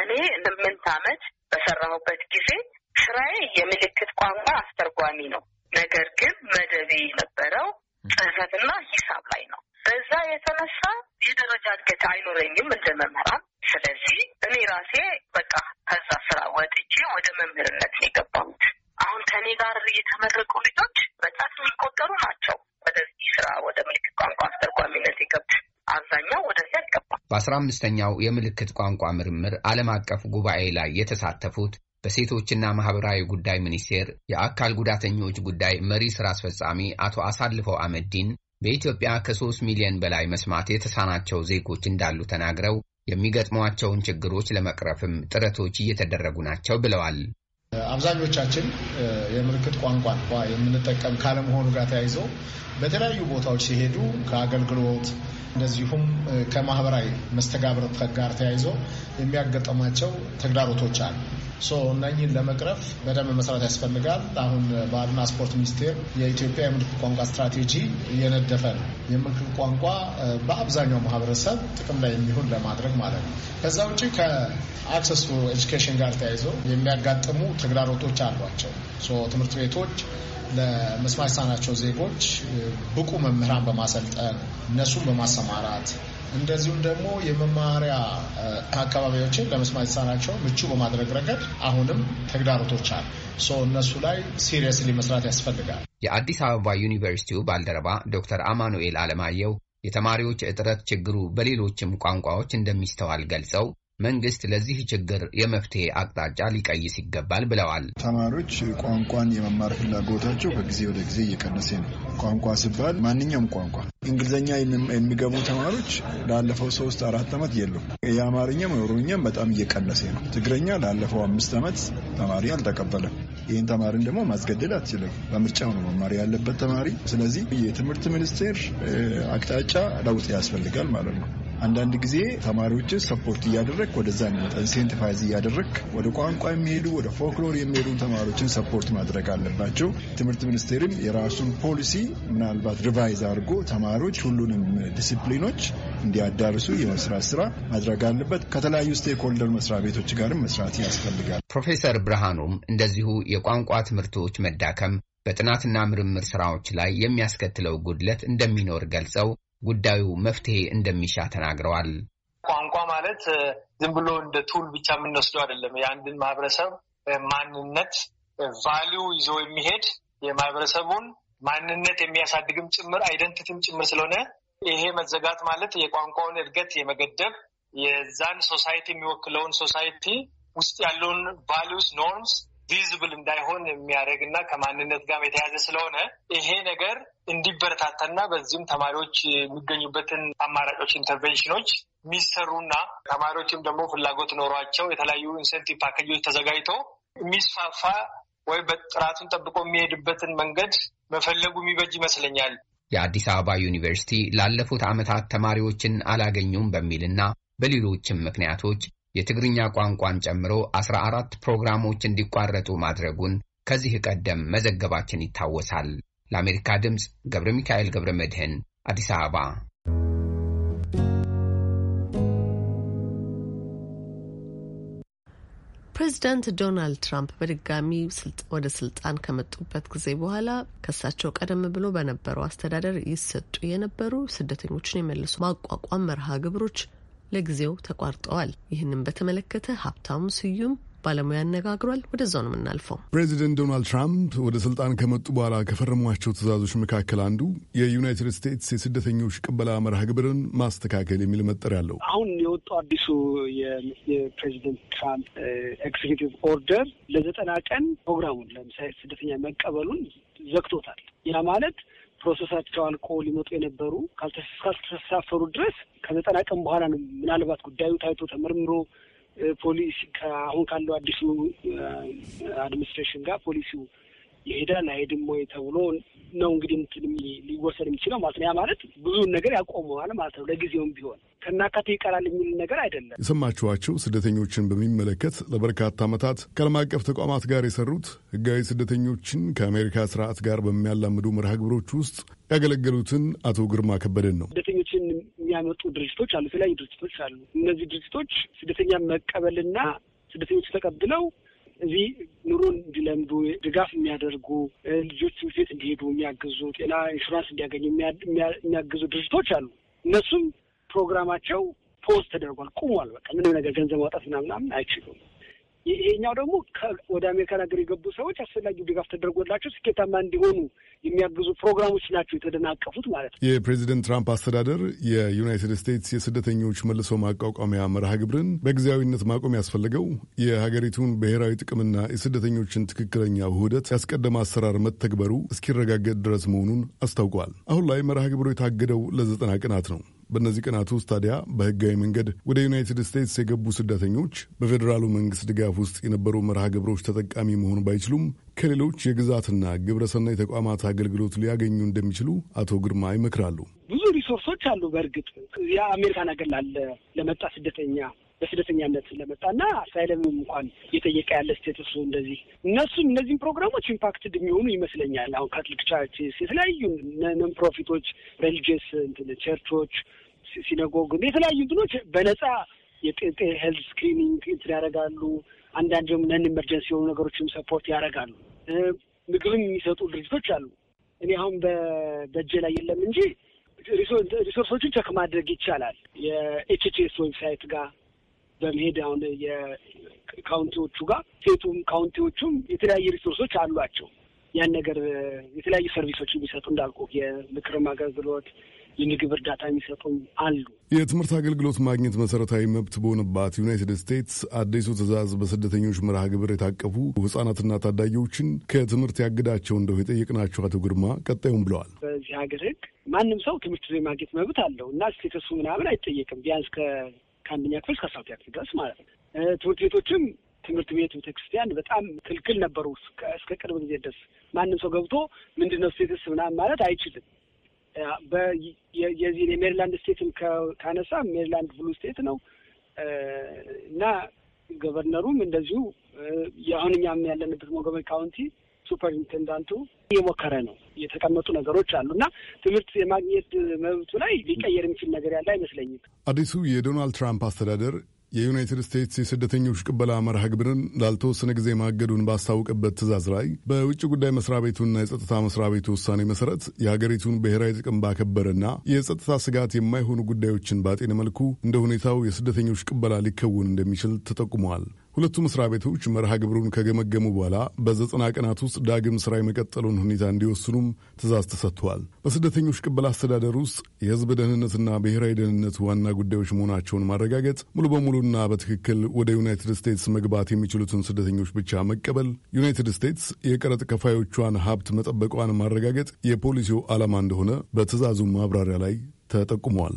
Speaker 13: እኔ ስምንት ዓመት በሰራሁበት ጊዜ ስራዬ የምልክት ቋንቋ አስተርጓሚ ነው። ነገር ግን መደቤ የነበረው ጽህፈትና ሂሳብ ላይ ነው። በዛ የተነሳ የደረጃ እድገት አይኖረኝም እንደ መምህራን ስለዚህ እኔ ራሴ በቃ ከዛ ስራ ወጥቼ ወደ መምህርነት ነው የገባሁት። አሁን ከኔ ጋር የተመረቁ ልጆች በጣት የሚቆጠሩ ናቸው። ወደዚህ ስራ ወደ ምልክት ቋንቋ አስተርጓሚነት የገቡት አብዛኛው
Speaker 7: ወደዚህ አልገባም። በአስራ አምስተኛው የምልክት ቋንቋ ምርምር ዓለም አቀፍ ጉባኤ ላይ የተሳተፉት በሴቶችና ማህበራዊ ጉዳይ ሚኒስቴር የአካል ጉዳተኞች ጉዳይ መሪ ስራ አስፈጻሚ አቶ አሳልፈው አመዲን በኢትዮጵያ ከሶስት ሚሊዮን በላይ መስማት የተሳናቸው ዜጎች እንዳሉ ተናግረው የሚገጥሟቸውን ችግሮች ለመቅረፍም ጥረቶች እየተደረጉ ናቸው ብለዋል።
Speaker 12: አብዛኞቻችን
Speaker 6: የምልክት ቋንቋ እንኳ የምንጠቀም ካለመሆኑ ጋር ተያይዘው በተለያዩ ቦታዎች ሲሄዱ ከአገልግሎት እንደዚሁም ከማህበራዊ መስተጋብር ጋር ተያይዘው የሚያጋጥማቸው ተግዳሮቶች አሉ። እነኝን ለመቅረፍ በደንብ መስራት ያስፈልጋል። አሁን ባህልና ስፖርት ሚኒስቴር የኢትዮጵያ የምልክት ቋንቋ ስትራቴጂ እየነደፈ ነው። የምልክት ቋንቋ በአብዛኛው ማህበረሰብ ጥቅም ላይ የሚሆን ለማድረግ ማለት ነው። ከዛ ውጭ ከአክሰስ ቱ ኤጁኬሽን ጋር ተያይዘው የሚያጋጥሙ ተግዳሮቶች አሏቸው። ትምህርት ቤቶች ለመስማት የተሳናቸው ዜጎች ብቁ መምህራን በማሰልጠን እነሱን በማሰማራት እንደዚሁም ደግሞ የመማሪያ አካባቢዎችን ለመስማት የተሳናቸው ምቹ በማድረግ ረገድ አሁንም ተግዳሮቶች አሉ። እነሱ ላይ
Speaker 12: ሲሪየስሊ መስራት ያስፈልጋል።
Speaker 7: የአዲስ አበባ ዩኒቨርሲቲው ባልደረባ ዶክተር አማኑኤል አለማየሁ የተማሪዎች እጥረት ችግሩ በሌሎችም ቋንቋዎች እንደሚስተዋል ገልጸው መንግስት ለዚህ ችግር የመፍትሄ አቅጣጫ ሊቀይስ ይገባል ብለዋል።
Speaker 6: ተማሪዎች ቋንቋን የመማር ፍላጎታቸው ከጊዜ ወደ ጊዜ እየቀነሰ ነው። ቋንቋ ሲባል ማንኛውም ቋንቋ እንግሊዝኛ የሚገቡ ተማሪዎች ላለፈው ሶስት አራት ዓመት የሉም። የአማርኛም የኦሮምኛም በጣም እየቀነሰ ነው። ትግረኛ ላለፈው አምስት ዓመት ተማሪ አልተቀበለም። ይህን ተማሪን ደግሞ ማስገደድ አትችልም። በምርጫው ነው መማር ያለበት ተማሪ። ስለዚህ የትምህርት ሚኒስቴር አቅጣጫ ለውጥ ያስፈልጋል ማለት ነው። አንዳንድ ጊዜ ተማሪዎች ሰፖርት እያደረግ ወደዛ የሚመጣ ኢንሴንቲቫይዝ እያደረግ ወደ ቋንቋ የሚሄዱ ወደ ፎክሎር የሚሄዱ ተማሪዎችን ሰፖርት ማድረግ አለባቸው። ትምህርት ሚኒስቴርም የራሱን ፖሊሲ ምናልባት ሪቫይዝ አድርጎ ተማሪዎች ሁሉንም ዲስፕሊኖች እንዲያዳርሱ የመስራት ስራ ማድረግ አለበት። ከተለያዩ ስቴክሆልደር
Speaker 7: መስሪያ ቤቶች ጋርም መስራት ያስፈልጋል። ፕሮፌሰር ብርሃኑም እንደዚሁ የቋንቋ ትምህርቶች መዳከም በጥናትና ምርምር ስራዎች ላይ የሚያስከትለው ጉድለት እንደሚኖር ገልጸው ጉዳዩ መፍትሄ እንደሚሻ ተናግረዋል።
Speaker 12: ቋንቋ ማለት ዝም ብሎ እንደ ቱል ብቻ የምንወስደው አይደለም። የአንድን ማህበረሰብ ማንነት ቫሊዩ ይዞ የሚሄድ የማህበረሰቡን ማንነት የሚያሳድግም ጭምር አይደንቲቲም ጭምር ስለሆነ ይሄ መዘጋት ማለት የቋንቋውን እድገት የመገደብ የዛን ሶሳይቲ የሚወክለውን ሶሳይቲ ውስጥ ያለውን ቫሊዩስ ኖርምስ ቪዝብል እንዳይሆን የሚያደርግ እና ከማንነት ጋር የተያዘ ስለሆነ ይሄ ነገር እንዲበረታታና በዚህም ተማሪዎች የሚገኙበትን አማራጮች ኢንተርቬንሽኖች የሚሰሩና ተማሪዎችም ደግሞ ፍላጎት ኖሯቸው የተለያዩ ኢንሴንቲቭ ፓኬጆች ተዘጋጅቶ የሚስፋፋ ወይ በጥራቱን ጠብቆ የሚሄድበትን መንገድ መፈለጉ የሚበጅ ይመስለኛል።
Speaker 7: የአዲስ አበባ ዩኒቨርሲቲ ላለፉት ዓመታት ተማሪዎችን አላገኙም በሚልና በሌሎችም ምክንያቶች የትግርኛ ቋንቋን ጨምሮ 14 ፕሮግራሞች እንዲቋረጡ ማድረጉን ከዚህ ቀደም መዘገባችን ይታወሳል። ለአሜሪካ ድምፅ ገብረ ሚካኤል ገብረ መድህን አዲስ አበባ።
Speaker 1: ፕሬዚዳንት ዶናልድ ትራምፕ በድጋሚ ወደ ስልጣን ከመጡበት ጊዜ በኋላ ከሳቸው ቀደም ብሎ በነበረው አስተዳደር ይሰጡ የነበሩ ስደተኞችን የመልሶ ማቋቋም መርሃ ግብሮች ለጊዜው ተቋርጠዋል። ይህንም በተመለከተ ሀብታሙ ስዩም ባለሙያ አነጋግሯል። ወደዛው ነው የምናልፈው።
Speaker 14: ፕሬዚደንት ዶናልድ ትራምፕ ወደ ስልጣን ከመጡ በኋላ ከፈረሟቸው ትእዛዞች መካከል አንዱ የዩናይትድ ስቴትስ የስደተኞች ቅበላ መርሃ ግብርን ማስተካከል የሚል መጠሪያ ያለው
Speaker 13: አሁን የወጡ አዲሱ የፕሬዚደንት ትራምፕ ኤግዚኪቲቭ ኦርደር ለዘጠና ቀን ፕሮግራሙን ለምሳሌ ስደተኛ መቀበሉን ዘግቶታል። ያ ማለት ፕሮሰሳቸው አልቆ ሊመጡ የነበሩ ካልተሳፈሩ ድረስ ከዘጠና ቀን በኋላ ነው ምናልባት ጉዳዩ ታይቶ ተመርምሮ ፖሊሲ አሁን ካለው አዲሱ አድሚኒስትሬሽን ጋር ፖሊሲው ይሄዳል አይሄድም ወይ ተብሎ ነው እንግዲህ እንትን ሊወሰድ የሚችለው ማለት ነው። ያ ማለት ብዙውን ነገር ያቆመዋል ማለት ነው ለጊዜውም ቢሆን ከናካቴ ይቀራል የሚል ነገር አይደለም።
Speaker 14: የሰማችኋቸው ስደተኞችን በሚመለከት ለበርካታ ዓመታት ከዓለም አቀፍ ተቋማት ጋር የሰሩት ህጋዊ ስደተኞችን ከአሜሪካ ስርዓት ጋር በሚያላምዱ መርሃ ግብሮች ውስጥ ያገለገሉትን አቶ ግርማ ከበደን
Speaker 13: ነው። ስደተኞችን የሚያመጡ ድርጅቶች አሉ፣ የተለያዩ ድርጅቶች አሉ። እነዚህ ድርጅቶች ስደተኛ መቀበልና ስደተኞች ተቀብለው እዚህ ኑሮን እንዲለምዱ ድጋፍ የሚያደርጉ ልጆች ትምህርት ቤት እንዲሄዱ የሚያግዙ፣ ጤና ኢንሹራንስ እንዲያገኙ የሚያግዙ ድርጅቶች አሉ። እነሱም ፕሮግራማቸው ፖዝ ተደርጓል፣ ቁሟል። በቃ ምንም ነገር ገንዘብ ማውጣት ምናምን አይችሉም። ይሄኛው ደግሞ ወደ አሜሪካን ሀገር የገቡ ሰዎች አስፈላጊው ድጋፍ ተደርጎላቸው ስኬታማ እንዲሆኑ የሚያግዙ ፕሮግራሞች ናቸው የተደናቀፉት ማለት
Speaker 14: ነው። የፕሬዚደንት ትራምፕ አስተዳደር የዩናይትድ ስቴትስ የስደተኞች መልሶ ማቋቋሚያ መርሃ ግብርን በጊዜያዊነት ማቆም ያስፈልገው የሀገሪቱን ብሔራዊ ጥቅምና የስደተኞችን ትክክለኛ ውህደት ያስቀደመ አሰራር መተግበሩ እስኪረጋገጥ ድረስ መሆኑን አስታውቋል። አሁን ላይ መርሃ ግብሩ የታገደው ለዘጠና ቀናት ነው። በእነዚህ ቀናት ውስጥ ታዲያ በህጋዊ መንገድ ወደ ዩናይትድ ስቴትስ የገቡ ስደተኞች በፌዴራሉ መንግስት ድጋፍ ውስጥ የነበሩ መርሃ ግብሮች ተጠቃሚ መሆን ባይችሉም ከሌሎች የግዛትና ግብረሰናይ ተቋማት አገልግሎት ሊያገኙ እንደሚችሉ አቶ ግርማ ይመክራሉ።
Speaker 13: ብዙ ሪሶርሶች አሉ። በእርግጥ የአሜሪካን አገር ላለ ለመጣ ስደተኛ በስደተኛነት ለመጣና አሳይለም እንኳን እየጠየቀ ያለ ስቴትሱ እንደዚህ እነሱም እነዚህም ፕሮግራሞች ኢምፓክትድ የሚሆኑ ይመስለኛል። አሁን ካትሊክ ቻርችስ፣ የተለያዩ ነን ፕሮፊቶች፣ ቸርቾች ሲነጎግ የተለያዩ እንትኖች በነፃ የጤጤ ሄልዝ ስክሪኒንግ እንትን ያደርጋሉ። አንዳንድ ነን ኤመርጀንሲ የሆኑ ነገሮችም ሰፖርት ያደርጋሉ። ምግብም የሚሰጡ ድርጅቶች አሉ። እኔ አሁን በእጄ ላይ የለም እንጂ ሪሶርሶችን ቸክ ማድረግ ይቻላል። የኤችችኤስ ዌብሳይት ጋር በመሄድ አሁን የካውንቲዎቹ ጋር ሴቱም ካውንቲዎቹም የተለያየ ሪሶርሶች አሏቸው። ያን ነገር የተለያዩ ሰርቪሶች የሚሰጡ እንዳልኩ የምክርም አገልግሎት የምግብ እርዳታ የሚሰጡ አሉ።
Speaker 14: የትምህርት አገልግሎት ማግኘት መሰረታዊ መብት በሆነባት ዩናይትድ ስቴትስ አዲሱ ትዕዛዝ በስደተኞች መርሃ ግብር የታቀፉ ህጻናትና ታዳጊዎችን ከትምህርት ያግዳቸው እንደው የጠየቅናቸው አቶ ግርማ ቀጣዩም ብለዋል።
Speaker 13: በዚህ ሀገር ህግ ማንም ሰው ትምህርት የማግኘት መብት አለው እና ስቴተሱ ምናምን አይጠየቅም። ቢያንስ ከአንደኛ ክፍል እስከ ክፍል ድረስ ማለት ነው። ትምህርት ቤቶችም ትምህርት ቤት ቤተክርስቲያን በጣም ክልክል ነበሩ እስከ ቅርብ ጊዜ ድረስ ማንም ሰው ገብቶ ምንድነው ስቴተስ ምናምን ማለት አይችልም። የዚህን የሜሪላንድ ስቴትም ካነሳ ሜሪላንድ ብሉ ስቴት ነው እና ገቨርነሩም እንደዚሁ አሁን እኛም ያለንበት ሞንጎመሪ ካውንቲ ሱፐርኢንቴንዳንቱ እየሞከረ ነው። የተቀመጡ ነገሮች አሉ እና ትምህርት የማግኘት መብቱ ላይ ሊቀየር የሚችል ነገር ያለ አይመስለኝም።
Speaker 14: አዲሱ የዶናልድ ትራምፕ አስተዳደር የዩናይትድ ስቴትስ የስደተኞች ቅበላ መርሃ ግብርን ላልተወሰነ ጊዜ ማገዱን ባስታወቀበት ትዕዛዝ ላይ በውጭ ጉዳይ መስሪያ ቤቱና የጸጥታ መስሪያ ቤቱ ውሳኔ መሰረት የሀገሪቱን ብሔራዊ ጥቅም ባከበረና የጸጥታ ስጋት የማይሆኑ ጉዳዮችን ባጤነ መልኩ እንደ ሁኔታው የስደተኞች ቅበላ ሊከውን እንደሚችል ተጠቁመዋል። ሁለቱ መስሪያ ቤቶች መርሃ ግብሩን ከገመገሙ በኋላ በዘጠና ቀናት ውስጥ ዳግም ስራ የመቀጠሉን ሁኔታ እንዲወስኑም ትእዛዝ ተሰጥተዋል። በስደተኞች ቅበላ አስተዳደር ውስጥ የህዝብ ደህንነትና ብሔራዊ ደህንነት ዋና ጉዳዮች መሆናቸውን ማረጋገጥ፣ ሙሉ በሙሉና በትክክል ወደ ዩናይትድ ስቴትስ መግባት የሚችሉትን ስደተኞች ብቻ መቀበል፣ ዩናይትድ ስቴትስ የቀረጥ ከፋዮቿን ሀብት መጠበቋን ማረጋገጥ የፖሊሲው ዓላማ እንደሆነ በትእዛዙ ማብራሪያ ላይ ተጠቁመዋል።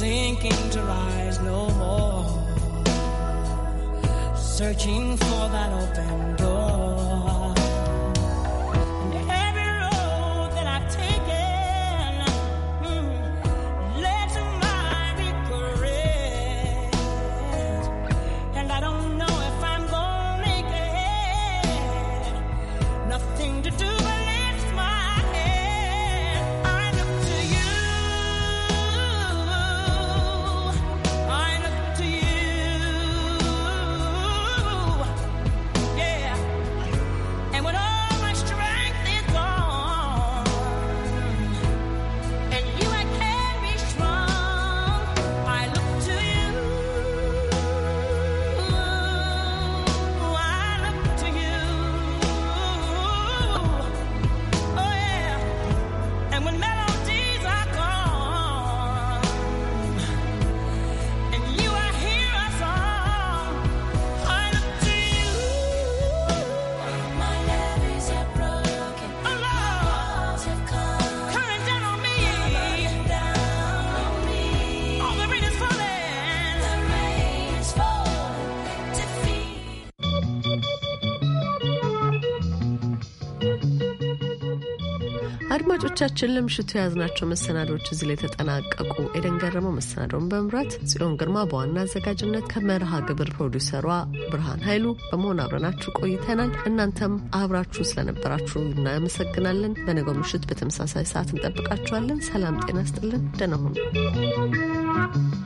Speaker 8: sinking to rise no more. Searching for that open door.
Speaker 1: አድማጮቻችን ለምሽቱ የያዝናቸው መሰናዶዎች እዚህ ላይ ተጠናቀቁ። ኤደን ገረመው መሰናዶውን በመምራት ጽዮን ግርማ በዋና አዘጋጅነት ከመርሃ ግብር ፕሮዲውሰሯ ብርሃን ኃይሉ በመሆን አብረናችሁ ቆይተናል። እናንተም አብራችሁ ስለነበራችሁ እናመሰግናለን። በነገው ምሽት በተመሳሳይ ሰዓት እንጠብቃችኋለን። ሰላም ጤና ስጥልን። ደህና ሁኑ።